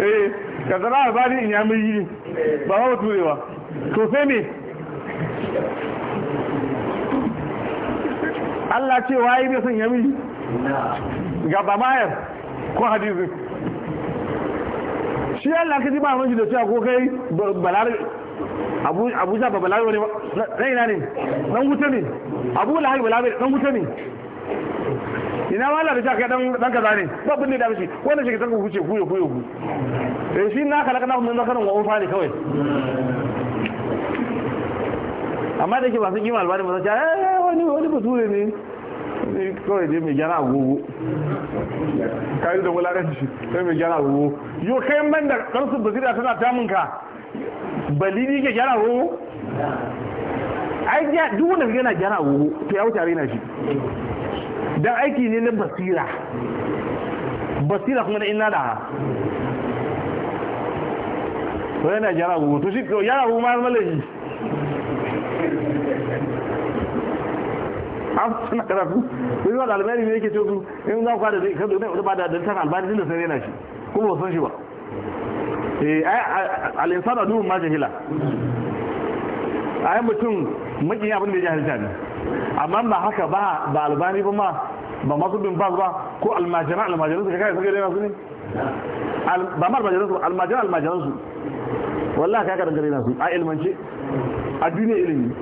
eh kadara bari in yamuri ne ba hawa turewa to sai me Allah ce waye bai son yamuri ga ba bamayar ko hadisi shi Allah ka ji ba mun ji da cewa ko kai balar abuja ba balawe ne na ina ne dan wuta ne abu lahari balawe dan wuce ne ina ma Allah da jaka dan dan kaza ne ba bin da shi wannan shi kan huce kuyo kuyo ku eh shi na kala kana mun zakarin wa ufa ne kawai amma da ke masu kima albani ba sai eh wani wani bature ne kawai je mai gyara agogo kayi da wulakanci sai mai gyara agogo yo kai man da karsu basira tana ka. bali ni ke gyara wowo ai duk wanda yana gyara wowo to ya wuce na shi dan aiki ne na basira basira kuma na ina da to yana gyara wowo to shi to gyara wowo ma malaji suna karatu sun yi albani ne yake ce su in za ku kada zai kada ba da dantar albani din da sai yana shi kuma ba san shi ba eh al-insanu duhun ma jahila ai mutum makin abin da ya jahilta ne amma ba haka ba ba albani ba ma ba masu bin ba ba ko almajiran almajiran su kai suka daina su ne ba ma almajiran su almajiran almajiran su wallahi kai ka dan na su a ilmance a duniya ilimi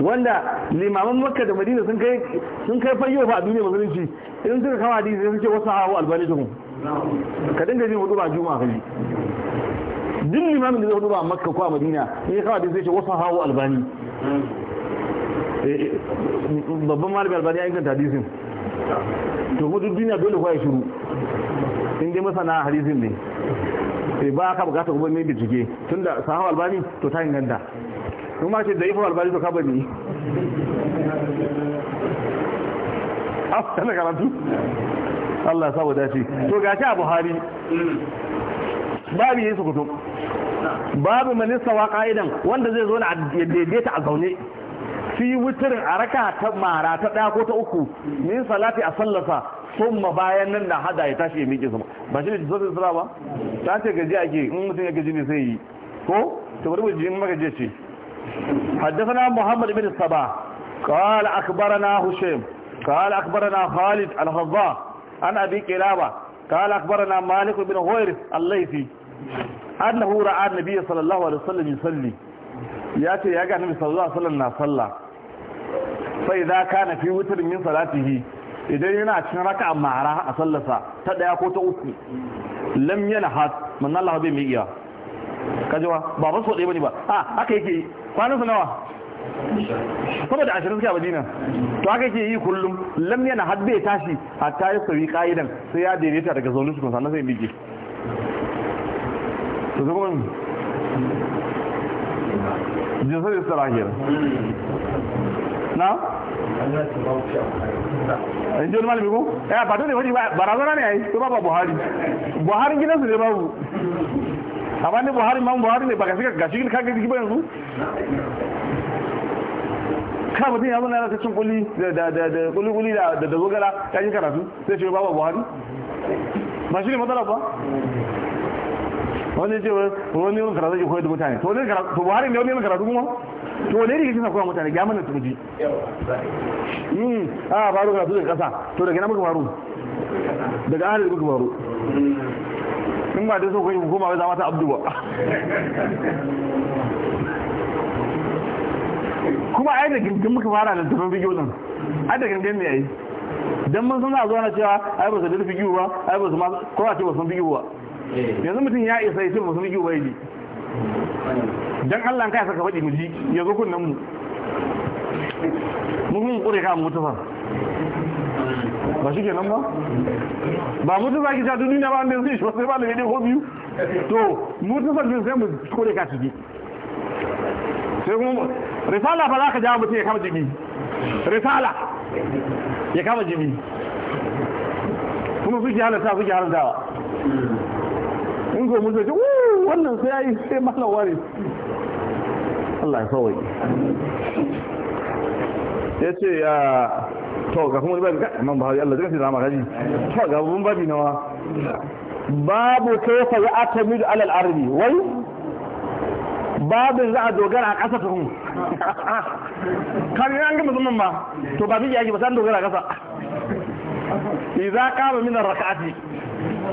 wanda limaman makka da madina sun kai sun kai fayyo ba a duniya musulunci idan suka kama hadisi sai suke wasu hawa albani tukun ka dinga jin hudu ba juma'a ka ji duk limamin da zai hudu ba makka ko a madina ne kawai kawo da zai ce wasu hawo albani eh, eh, babban malamin albani ya inganta hadisin to mu duk duniya dole kuwa ya shiru in dai masana hadisin ne sai eh, ba ka bukata kuma mai bincike tun da sahawa albani to ta inganta in ma ce da ifo albani to kaba ne a tana karatu Allah sa dace to gashi a Buhari babu yayi kutu babu manista wa ka'idan wanda zai zo na daidaita a zaune fi wutirin a raka ta mara ta ɗaya ko ta uku min salati a sallasa sun ma bayan nan da hada ya tashi ya miƙe sama ba shi ne ta sautin ba ta ce gaji ake in mutum ya gaji ne sai yi ko ta bari mujin magaje ce Haddasa حدثنا محمد بن na قال Ka هشيم قال Khalid Al الخضاء ana bi kira ba ka ala akbar na maliku ya ce ya gani sallallahu ala sallallahu ala salla sai za ka na fi wutar min salatihi idan yana cin raka a mara a sallasa ta ɗaya ko ta uku lamya na hat manallahu bai mai iya kajiwa ba masu ba ne ba a aka yake kwanan sanawa kuma da ashirin suke a madina to haka ke yi kullum lam yana hadda ya tashi a ya sauyi ka'idan sai ya daidaita daga zaune su sannan sai miji to zama jinsar da tsara hira na? in ji wani malami ko? ya fata ne wani barazana ne yayi to ba ba buhari buhari gidansu ne babu amma ne buhari ma buhari ne ba ka shiga gashi ka gaji ba yanzu ka mutum ya zana ta cin kuli da kuli da dogara ta yi karatu sai ce babu buhari ba shi ne matsala ba wani ce wani yin karatu ke koyar da mutane to buhari ne wani yin karatu kuma to wani rikici na koya mutane ya mana turji yi hmm, a faru karatu daga kasa to daga na muka faru daga ahli muka faru in ba da so kai hukuma wai zama ta abdu ba kuma ai da gindin muka fara da tafin bigiyo din ai da gindin ne ai dan mun san a na cewa ai ba su da figiyo ba ai ba su ma ko a ce ba sun bigiyo ba eh. yanzu mutum ya isa yi ba sun ba yi dan Allah kai saka faɗi miji, ya zo kunnan mu mun mun kure ka mu tafa ba shi kenan ba ba mutu za ki ja duniya ba wanda zai shi wasu ba da yadda ko biyu to mutu sa sai mu kore ka ciki sai kuma risala ba za ka jawo mutum ya kama jimi risala ya kama jimi kuma suke halatta suke halatta in ko mun zai wannan sai ya yi sai malam wari Allah ya sauwa ya ce ya to ga kuma ga man bahari Allah zai zama gaji to ga babban babi nawa babu kaifa ya atamidu alal ardi wai babin za a dogara a ƙasa ta kan yi an gama zaman ba to ba miji yaki ba san dogara a ƙasa idza qama min ar-rak'ati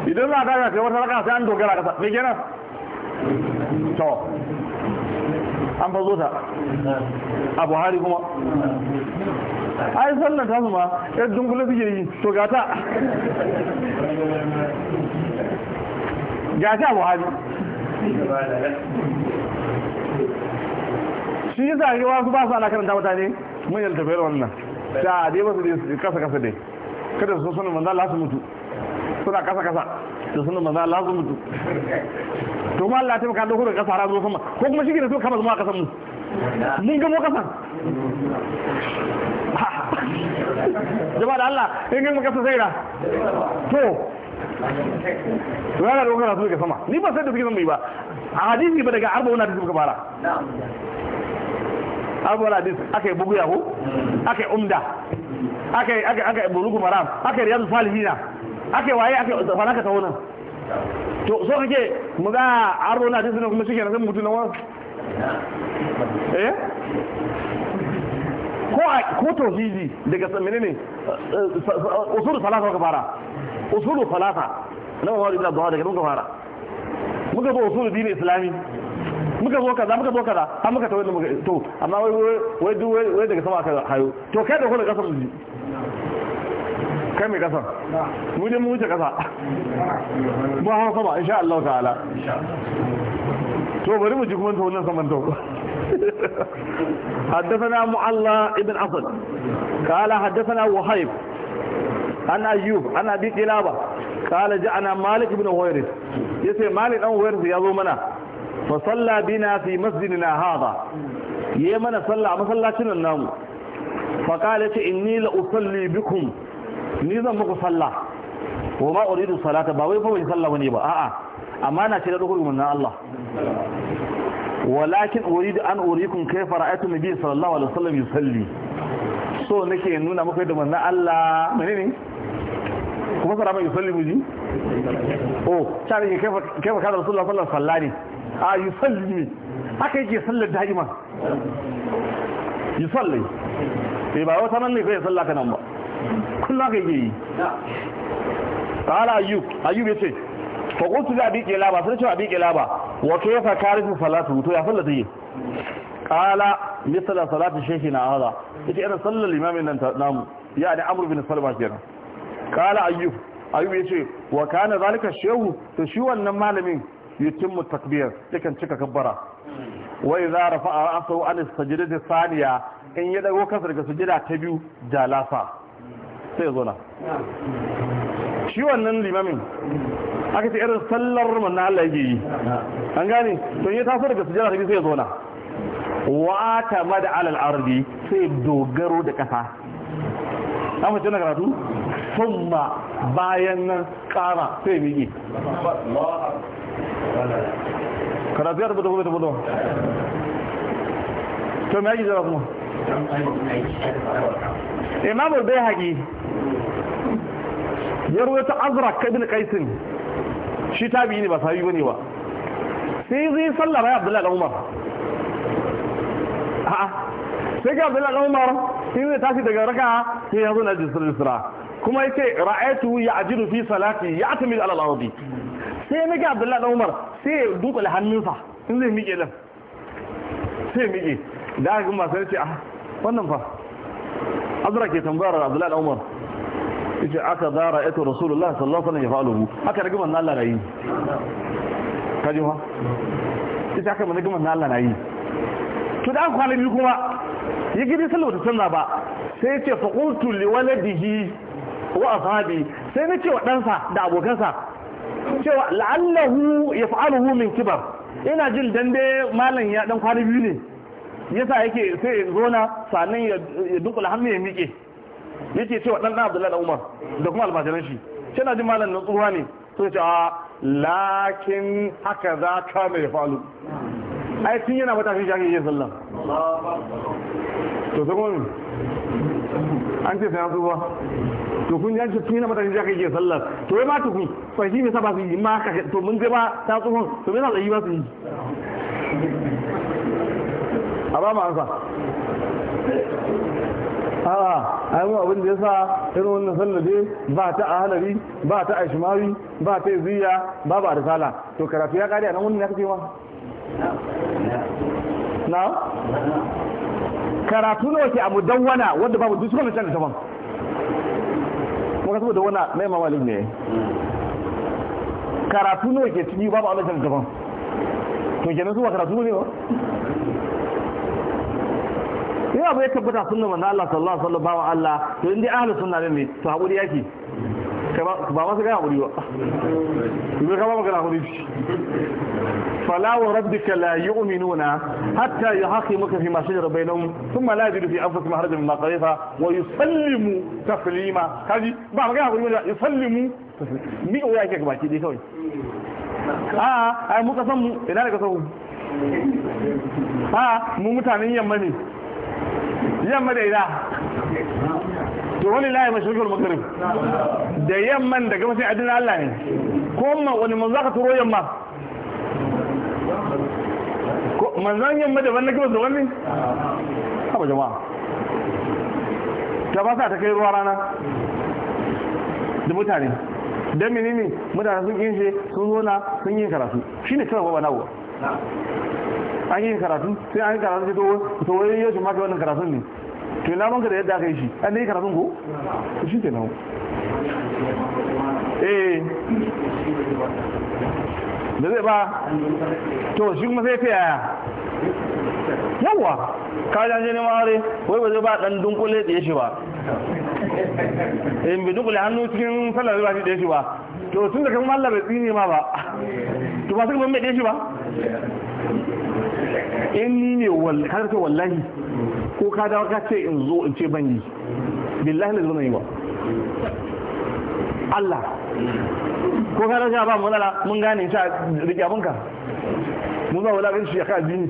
idan za a ka ga wata raka'a sai an dogara a ƙasa me kenan to an fazo ta a buhari kuma ai sannan ta ma yar dunkule suke yi to gata gata buhari shi yasa ga wasu ba su ana karanta mutane mun yalta bayar wannan da dai ba su kasa kasa dai kada su sunan manzan lasu mutu suna kasa kasa da sunan manzan lasu mutu to ma Allah ta maka da kasa ra razo sama ko kuma shi ne so kama zuwa kasan mu mun ga mu kasan jama'a da Allah in ga mu kasa sai ra to to yana da wannan su ke sama ni ba sai da suke zama yi ba a hadisi ba daga arba wannan da suka fara abubuwan hadis aka yi bugu yahu aka yi umda aka yi aka yi bulugu maram aka yi riyadu salihina aka yi waye aka yi tsafana ka taho nan to so kake mu ga aro na hadis kuma shi ke nasan mutu na wa eh ko ko tauhidi daga ne eh, usul falasa ka fara usul falasa na mawali na, abdullah daga nuka fara muka zo usul dini islami muka zo kaza muka zo kaza har muka tawo muka to amma wai wai duk wai daga sama aka hayo to kai da kula kasar ji kai mai kasa mu dai mu wuce kasa ba hawa sama insha Allah ta'ala to bari mu ji kuma ta wannan saman to حدثنا معلى ابن أسد قال حدثنا وهيب عن أيوب عن أبي قلابة قال جاءنا مالك بن هويرث يسي مالك بن هويرث يظلمنا fa bina fi masjidina na yayi mana salla a masallacin nan namu fa qala ta inni la usalli bikum ni zan muku salla wa ma uridu salata ba wai fa wai salla bane ba a'a amma na ce da dokar manzon Allah walakin uridu an urikum kayfa ra'aytu nabi sallallahu alaihi wasallam yusalli so nake nuna da manzon Allah menene kuma mai yusalli muji oh ke kaifa kaifa kada rasulullahi sallallahu alaihi wasallam a yi ne aka yake sallar da'ima yi sallai ne eh, ba wata nan ne kai sallah ka nan ba kullum ka yi hala ayyub ayyub ya ce faƙultu za a biƙe laba sun ce a biƙe laba wato ya fa karifin salatu to ya sallar ta yi ƙala da salatu shehi na hada ita yana sallar limamin nan namu ya ne amur bin salma kenan ƙala ayyub ayyub ya ce wa kana zalika shehu to shi wannan malamin يتم التكبير yakan cika kabbara wa رفع rafa'a عن an as-sajdati يدعو in ya تبيو kansa daga sujada ta biyu sai shi wannan limamin aka ce irin sallar manna Allah yake yi an gane to ya taso daga sujada ta biyu sai zo da alal ardi sai dogaro da kasa an karatu summa bayan nan ƙara sai karatu ya tabbata gobe tabbata to me yake jira kuma imam al-bayhaqi ya Azra, azrak ibn kaisin, shi tabi'i ne ba sahabi bane ba sai zai sallah bai abdullahi dan umar a'a sai ga abdullahi umar sai zai tashi daga raka sai ya zo na jisra kuma yace ra'aytu ya'jilu fi salati ya'tamil ala al-ardi sai na ga abdullahi dan umar sai ya dunkule hannunsa in zai miƙe nan sai ya miƙe da aka gama sai ce a ah, wannan fa azra ke tambayar abdullahi dan umar ce aka zara ita rasulullah sallallahu alaihi wasallam ya faluhu aka riga manzo Allah rayi kaji fa ita aka riga manzo Allah yi to da aka kwalabi kuma ya gidi sallah da sanna ba sai ya ce fa liwaladihi wa ashabi sai ce wa ɗansa da abokansa cewa la'allahu ya hu min kibar ina jin dande malam ya dan kwana biyu ne yasa yake sai ya zona sannan ya dukula hannu ya miƙe yake cewa dan dan Abdullahi Umar da kuma almajiran shi sai na jin malam na tsuwa ne sai ce a ah, lakin haka za ka mai fa'alu ai tun yana matashin shi yin sallah to sai kuma an ce sai an tsuwa to kun yanci tun yana mutane zaka yi sallar to ya ma tukun fa shi ne sa ba su yi ma ka to mun ga ba ta tsohon to me sa yi ba su yi a ba mu ansa a'a ai mu abin da yasa irin wannan sallar dai ba ta ahalari ba ta ashmawi ba ta ziya ba ba risala to karatu ya kare a nan wannan ya kace ma na karatu ne wace a mudawwana wanda babu duk sunan can da taban kuma saboda wani na imam malik ne karatu ne ke ciki babu Allah da daban to kenan su ba karatu ne ba yana bai tabbata sunna manzo Allah sallallahu alaihi wasallam bawa Allah to inda ahlus sunna ne to hakuri yaki. فلا وربك لا يؤمنون حتى يحاكمك فيما شجر بينهم ثم لا يجد في انفس مهرج من قذيفه ويسلم تسليما كذي ما بقى يقول يسلم مي وياك باكي دي كوي اه اي مو كسم ان انا كسم اه مو متانين يما ني يما دا to wani laye mashirkul makarim da yamman da masu sai adin Allah ne ko wani manzo ka turo yamma ko manzon yamma da na gaba da wani haba jama'a ta ba sa ta kai ruwa rana da mutane don menene mutane sun yin shi sun zo na sun yi karatu shine kawai wani nawo an yi karatu sai an yi karatu sai to to yau shi maka wannan karatun ne to ina banka da yadda aka yi shi an dai karatun ko to shi kenan eh da zai ba to shi kuma sai ta yaya yawa ka janje ne mare wai ba zai ba dan dunkule da shi ba eh bi dunkule hannu cikin sallar ba shi da shi ba to tun da kan Allah bai tsine ma ba to ba sai mun mai da shi ba in eh, ni ne wallahi ko ka dawo ka ce in zo in ce ban yi billahi lazu yi ba Allah ko ka rasha ba mulala mun gane ta rike ka. mun wala bin shi ya ka addini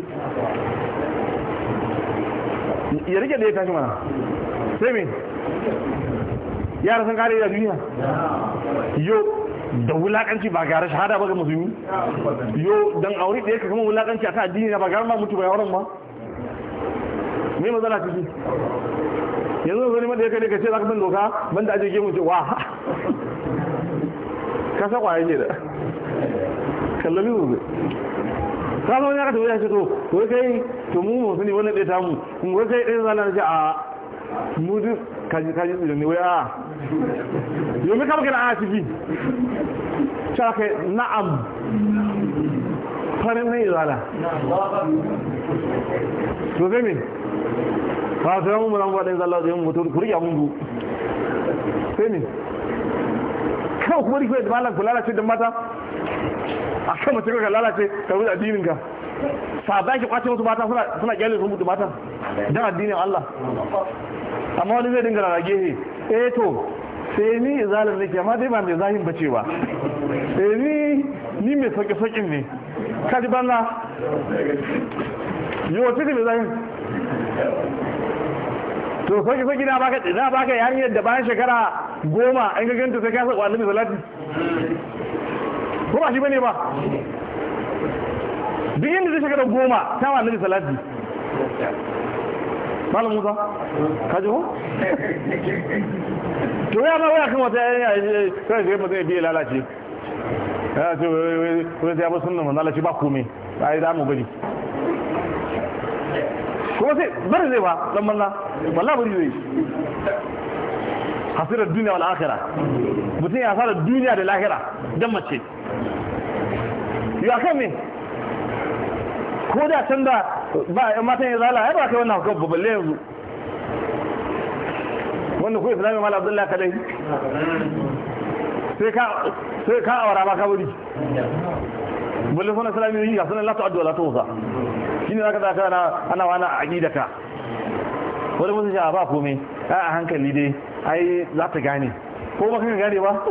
ya rike da ya tashi mana sai me yara sun kare da duniya yo da wulakanci ba gare shahada ba ga musulmi yo dan aure da yake kuma wulakanci ka addini ba gare ma mutu ba yaron ba? me matsala ciki yanzu wani mata ya kai ka ce za ka san doka ban da aje gemu ce wa ka sa kwaye ne da kallami gobe ka zo ya ka tafiya ce to wai kai to mu mu sani wannan ɗaya tamu in wai kai ɗaya zana ce a mu duk kaji kaji tsirin ne wai a yau mai kama kana a ciki cewa kai na'am farin nan izala to zai ba mu mun ran zalla zai mun mutu kurya mun bu sai ne kawo kuma rike da malam ku lalace da mata a kan mutum ka lalace ka rubuta addininka. Sa ba ki kwace wasu mata suna suna sun mutu mata don addinin Allah amma wani zai dinga rage he eh to sai ni zalim nake amma dai ba mai zahin bace ba sai eh ni ni mai sauke saukin ne kaji yi yo ne mai zahin to soki soki na baka na baka yarinyar da bayan shekara goma an ga ganta sai ka sa annabi salati ko ba shi bane ba duk inda zai shekara goma ta wani annabi salati malam musa ka ji ko to ya ma waya kan wata yarinya sai eh, eh, sai mutum ya biye lalace ya ce wai wai wai sai ya bi sunnan manzala shi ba komai ai za mu gani kuma sai bari zai ba dan banza wallahi bari zai hasirar duniya wal akhirah mutum ya fara duniya da lahira don mace ya kai me ko da can da ba yan matan ya zala ai ba kai wannan hukumar baballe yanzu wannan ko islami mala abdullahi kadai sai ka sai ka awara ba ka wuri balle sunan islami yi ga sunan la ta'addu wa la shine zaka zaka ana ana wani aqida ka wani mutum a ba kome a hankali dai ai za ta gane ko ba kan gane ba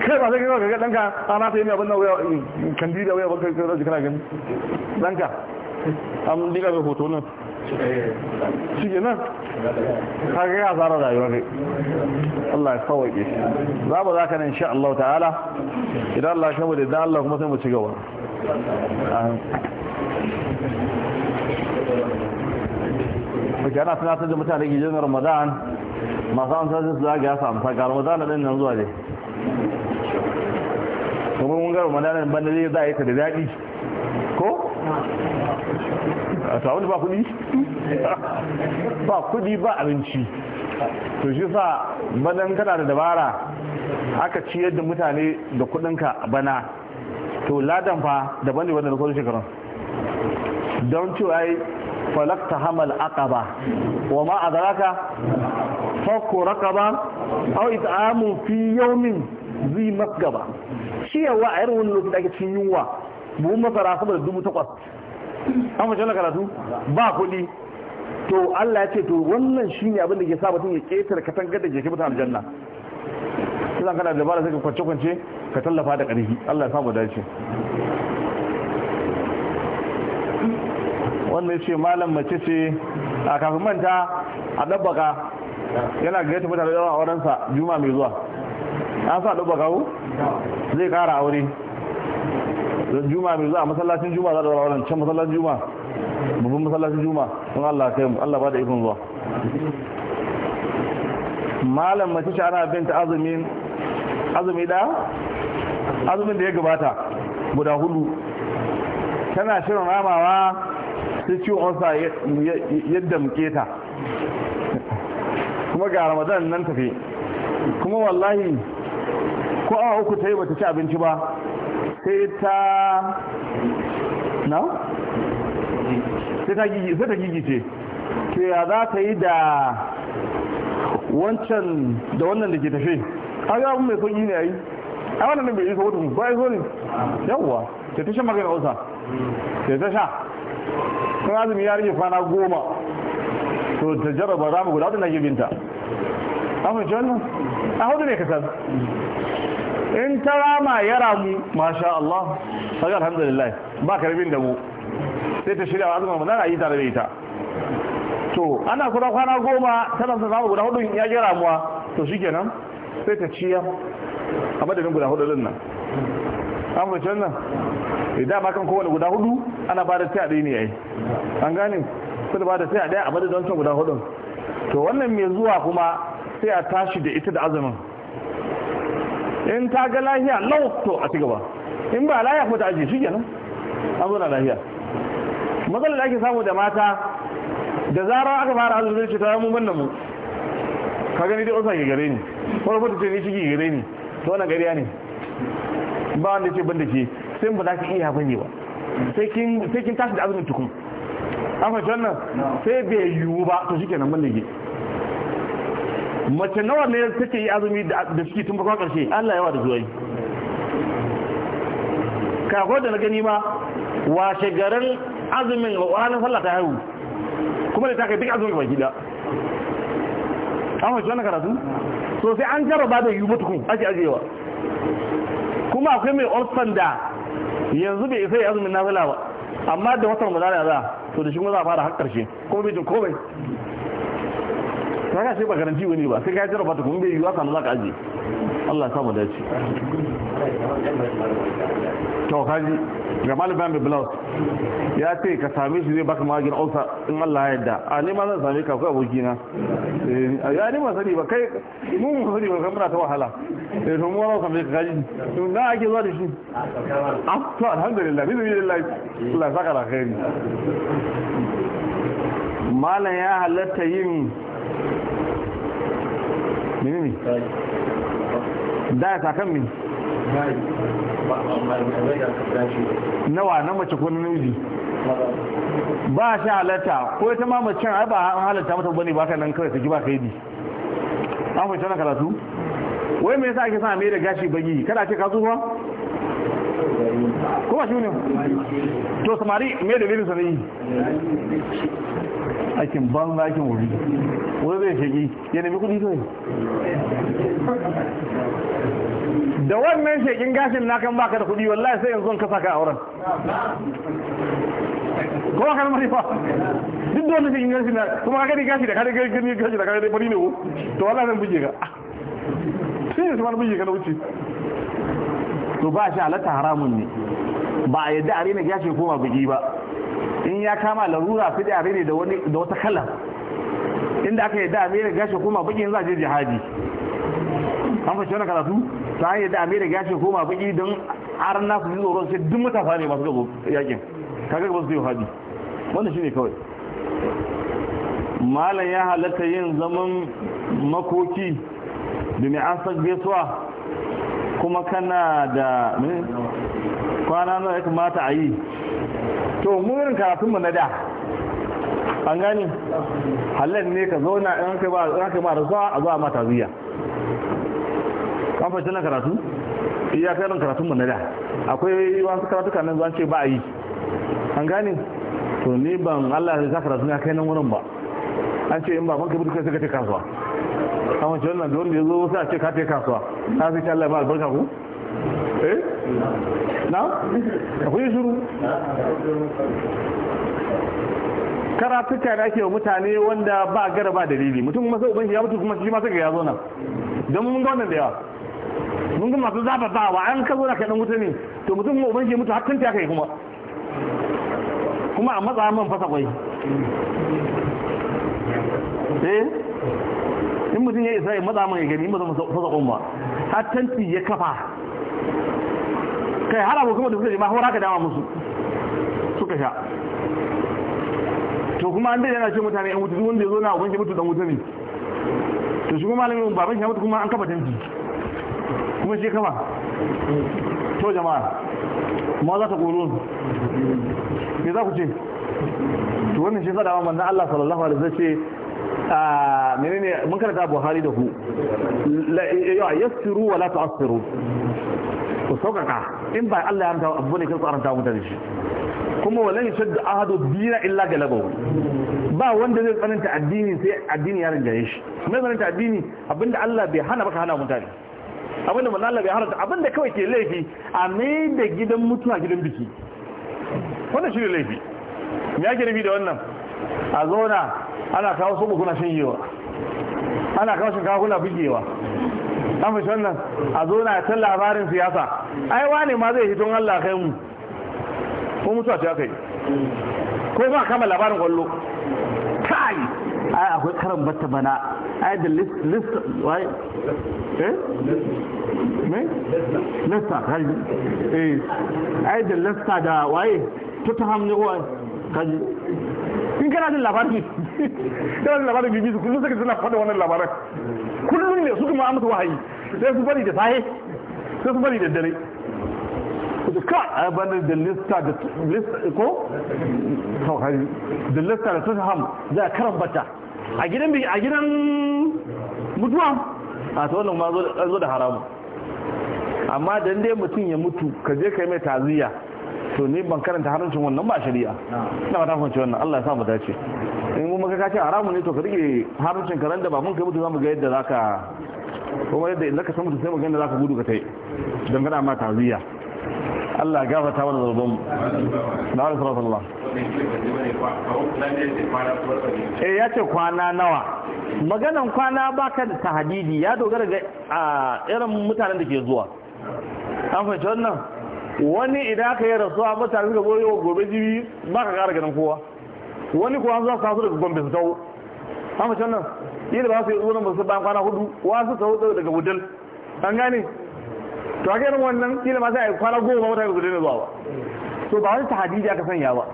kai ba sai kai ga danka na ta yi abin nan waya kan dida waya ba kai ka kana gani danka an diga bai hoto nan shi ke nan kaga ya tsara rayuwa kai Allah ya sauwaƙe za ba za ka nan sha Allah ta'ala idan Allah ya kama da idan Allah kuma sai mu ci gaba kuke ana tunatar da mutane gijin ramadan masu amsa su ga yasa amsa ga ramadan na nan zuwa ne kuma mun ga ramadan ban banda zai za a yi ta da daɗi ko a tawon ba kuɗi ba kuɗi ba abinci to shi sa banan kana da dabara aka ciyar da mutane da kuɗinka bana to ladan fa daban ne wanda na kwazo shekarun don cewa ai falakta hamal aqaba wa ma adraka fakku raqaba aw it'amu fi yawmin zi masgaba ciyawa a irin wani lokacin da ake cin yunwa buhun masara saboda dubu takwas an na karatu ba kuɗi to Allah ya ce to wannan shi ne abin da ke sa mutum ya ketar katangar da ke ke aljanna zan kada dabara sai ka kwance kwance ka tallafa da ƙarfi Allah ya samu dace wannan ce malam mace ce a kafin manta a dabbaka yana gaita mutane yawan aurensa juma mai zuwa an sa dabbaka ku zai kara aure juma mai zuwa masallacin juma za a da auren can masallacin juma babban masallacin juma sun Allah kai mu Allah ba da ikon zuwa malam mace ce ana binta azumin azumi da azumin da ya gabata guda hudu tana shirin ramawa sai ciwon sa yadda muke ta kuma ga ramadan nan tafi kuma wallahi ko awa uku ta yi bata ci abinci ba sai ta na? sai ta gigice ke ya za ta yi da wancan da wannan da ke tafe kaga abun mai sauki ne yi. a wannan bai iso mutum ba iso ne yawwa ta ta shan maganin hausa ta ta sha kan azumi ya rage kwana goma to ta jarraba ramu guda wadda na gibinta amince wannan a hudu ne kasar in ta rama ya ramu masha Allah saka alhamdulillah ba karbin da mu sai ta shirya azumin ramadan na yi tare da ita to ana kura kwana goma tana sun samu guda hudu ya ji ramuwa to shikenan sai ta ciya a madadin guda hudu din nan an fi wannan. idan eh, ma kan kowane guda hudu ana ba da sai a ɗaya ne yayi an gane su da ba da sai a ɗaya a madadin wancan guda hudun to wannan mai zuwa kuma sai a tashi da ita da azumin in ta ga lahiya lau to a ci gaba in ba lahiya kuma ta ajiye shi kenan an zo na lahiya matsalar da ake samu da mata da zarar aka fara azumin ce ta yi mu mu ka gani dai osa ke gare ni wani fata ce ne ciki gare ni to wani gariya ne ba wanda ce ban da ke sai ba za ka iya ba ne ba sai kin tashi da azumin tukun an fashe wannan sai bai yiwu ba to shi kenan ban ke mace nawa ne take yi azumi da suke tun farkon karshe Allah yawa da zuwa yi kakwai da na gani ma washe garin azumin ranar sallah ta haihu kuma da ta kai duk azumin baki da an wajen wani karatu so sai an jaraba da yi mutukun ake ajewa kuma akwai mai orfan da yanzu bai isa ya azumin nafila ba amma da watan zara za to da shi kuma za a fara har karshe kuma bai jin komai kaga sai ba garanti wani ba sai ka jaraba ta kuma bai yiwa sanu za ka aje Allah ya samu dace to kaji ga maliban mai blouse ya ce ka sami shi zai baka magin ulsa in Allah ya yadda a nema zan sami ka kai abokina eh, ya nema sani ba kai mun mu sani ba muna ta wahala eh to mu wara same ka gaji to na ake zuwa da shi ah to alhamdulillah bi billahi Allah saka da khairi Malam ya halatta yin menene da ta kan mini nawa na mace ko namiji ba shi halatta ko ita ma mace ai ba an halatta mata bane ka nan kawai saki ba kai bi an fahimta na karatu wai me yasa ake sa mai da gashi bagi kada ce ka zuwa ko ba shi ne to samari me da lirin sanayi aikin ban aikin wuri wani zai shaki ya nemi kudi kawai da wannan shekin gashin na kan baka da kuɗi wallahi sai yanzu ka saka auren kuma kan mari fa duk da wannan shekin gashin na kuma ka gani gashi da ka gani gashi da kare da fari ne ko to wallahi zan buje ka sai ya samar buje ka na wuce to ba shi halatta haramun ne ba a yadda a rena gashin koma bugi ba in ya kama larura fi da a da wani da wata kala inda aka yadda a rena gashin koma bugi yanzu a je jihadi an fashe wani karatu ta an da amir da gashin koma baki don har na su tsoron sai duk matasa ne masu gabo yakin kaga ba su yi hadi wannan shine kawai malam ya halatta yin zaman makoki domin an san gaisuwa kuma kana da kwana na ya kamata a yi to murin karatun karatunmu na da an gani halal ne ka zauna in ka ba zuwa a zuwa mata zuya an fahimci nan karatu iya eh, kai nan karatun mu na da akwai wasu kan nan zuwa ce ba a yi an gane to ni ban Allah ya zaka rasu na kai nan wurin ba an ce in ba ka bi kai sai ka ta kasuwa an wace wannan da wanda ya zo sai a ce ka ta kasuwa ka sai Allah ba albarka ku eh na akwai shiru karatuka da ake wa mutane wanda ba gara ba dalili mutum masa uban ya mutu kuma shi ma saka ya zo nan don mun ga wannan da yawa mun ga masu zaba ba wa an ka zo na kaɗan wuta ne to mutum kuma uban shi mutu hakan ta kai kuma kuma a matsa man fasa kwai eh in mutum ya isa ya matsa man ya gani in fasa kwan ba hattanci ya kafa kai har abokan da suka je ma hora ka dama musu suka sha to kuma an dai yana ce mutane in wuce duk wanda ya zo na abin shi mutu dan mutu ne to shi kuma malamin baban shi mutu kuma an kafa tanki. kuma shi kama to jama'a ma za ta koro me za ku ce to wannan shi sadawa manzon Allah sallallahu alaihi wasallam ce a menene mun karanta Buhari da ku yassiru wa la tu'assiru ku sauƙaƙa in ba Allah ya ranta abu ne kai ku aranta mutane shi kuma walan yashaddu ahadu dina illa galabahu ba wanda zai tsananta addini sai addini ya rinjaye shi mai tsananta addini abinda Allah bai hana baka hana mutane abinda manzo Allah bai hana ta abinda kawai ke laifi a mai da gidan mutuwa gidan biki wannan shi ne laifi me yake nufi da wannan a zona ana kawo su kuna yiwa ana kawo shinkafa kuna bugewa an fashe wannan a zona ta labarin siyasa ai wane ma zai hiton Allah kai mu ko mutuwa ta kai ko ba kama labarin kwallo kai ai akwai karan bata bana ai da list list wai eh me lista kaji eh ai da lista da waye tottenham ne wai kaji in kana jin labarin kana jin labarin bibi kullum suka suna fada wannan labarin kullum ne su kuma amsa wahayi sai su bari da sahe sai su bari da dare duka ka a banar da lista da ko da lista da tottenham za a karambata a gidan a gidan mutuwa a ta wannan ma zo da haramu amma da inda dai mutum ya mutu ka je yi mai taziya to ni ban karanta haramcin wannan ba shari'a ina ba ta kwanci wannan Allah ya sa mu dace in kuma ka kace haramu ne to ka rike haramcin karan da ba mun kai mutu mu ga yadda za ka kuma yadda in ka san mutu sai mu ga yadda ka gudu ka yi dangana ma taziya Allah ya gafarta mana zurban mu na alaihi sallallahu E, eh, ya ce kwana nawa maganan kwana baka da hadidi ya dogara ga irin mutanen da ke zuwa an fahimci wannan wani idan aka yi rasuwa mutane suka goyi wa gobe jibi ba ka kara ganin kowa wani kuwa za su daga gombe su ta'u. an fahimci wannan yi da ba su yi nan ba su bayan kwana hudu wasu daga budal an gane to a irin wannan kila ma sai a kwana goma wata guda ne zuwa ba to ba wani tahadidi aka sanya ba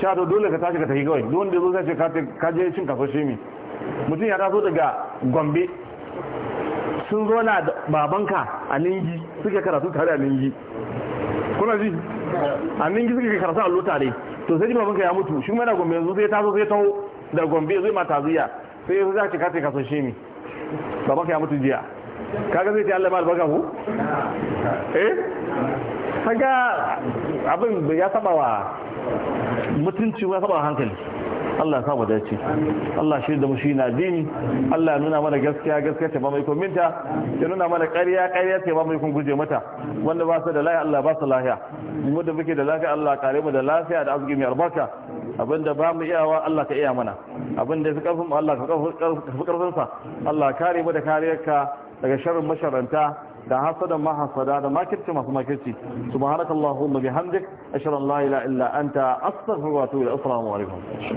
sha to dole ka tashi ka tafi kawai don da zo sai ka je cin kaso shi mi mutum ya taso daga gombe sun zo na babanka a ningi suke karatu tare a ningi kuna ji a ningi suke karatu a lo to sai babanka ya mutu shi kuma na gombe yanzu sai taso sai taho da gombe zai ma taziya sai ya za ka ce ka tafi kaso shi mi babanka ya mutu jiya kaga zai ce Allah ma albarka ku eh kaga abin ya saba wa mutunci ya saba hankali Allah ya samu dace Allah shi da mu shi na dini Allah ya nuna mana gaskiya gaskiya ta ba mai kun minta ya nuna mana ƙarya ƙarya ta ba mai kun guje mata wanda ba su da lafiya Allah ba su lafiya mu da muke da lafiya Allah kare mu da lafiya da azumi mai albarka abinda ba mu iyawa Allah ka iya mana abinda ya fi karfin Allah ka fi karfin sa Allah kare mu da kariyarka daga sharrin masharanta da hasada mahasada da makirci masu makirci subhanakallahumma bihamdik ashhadu an la ilaha illa anta astaghfiruka wa atubu ilaik assalamu alaikum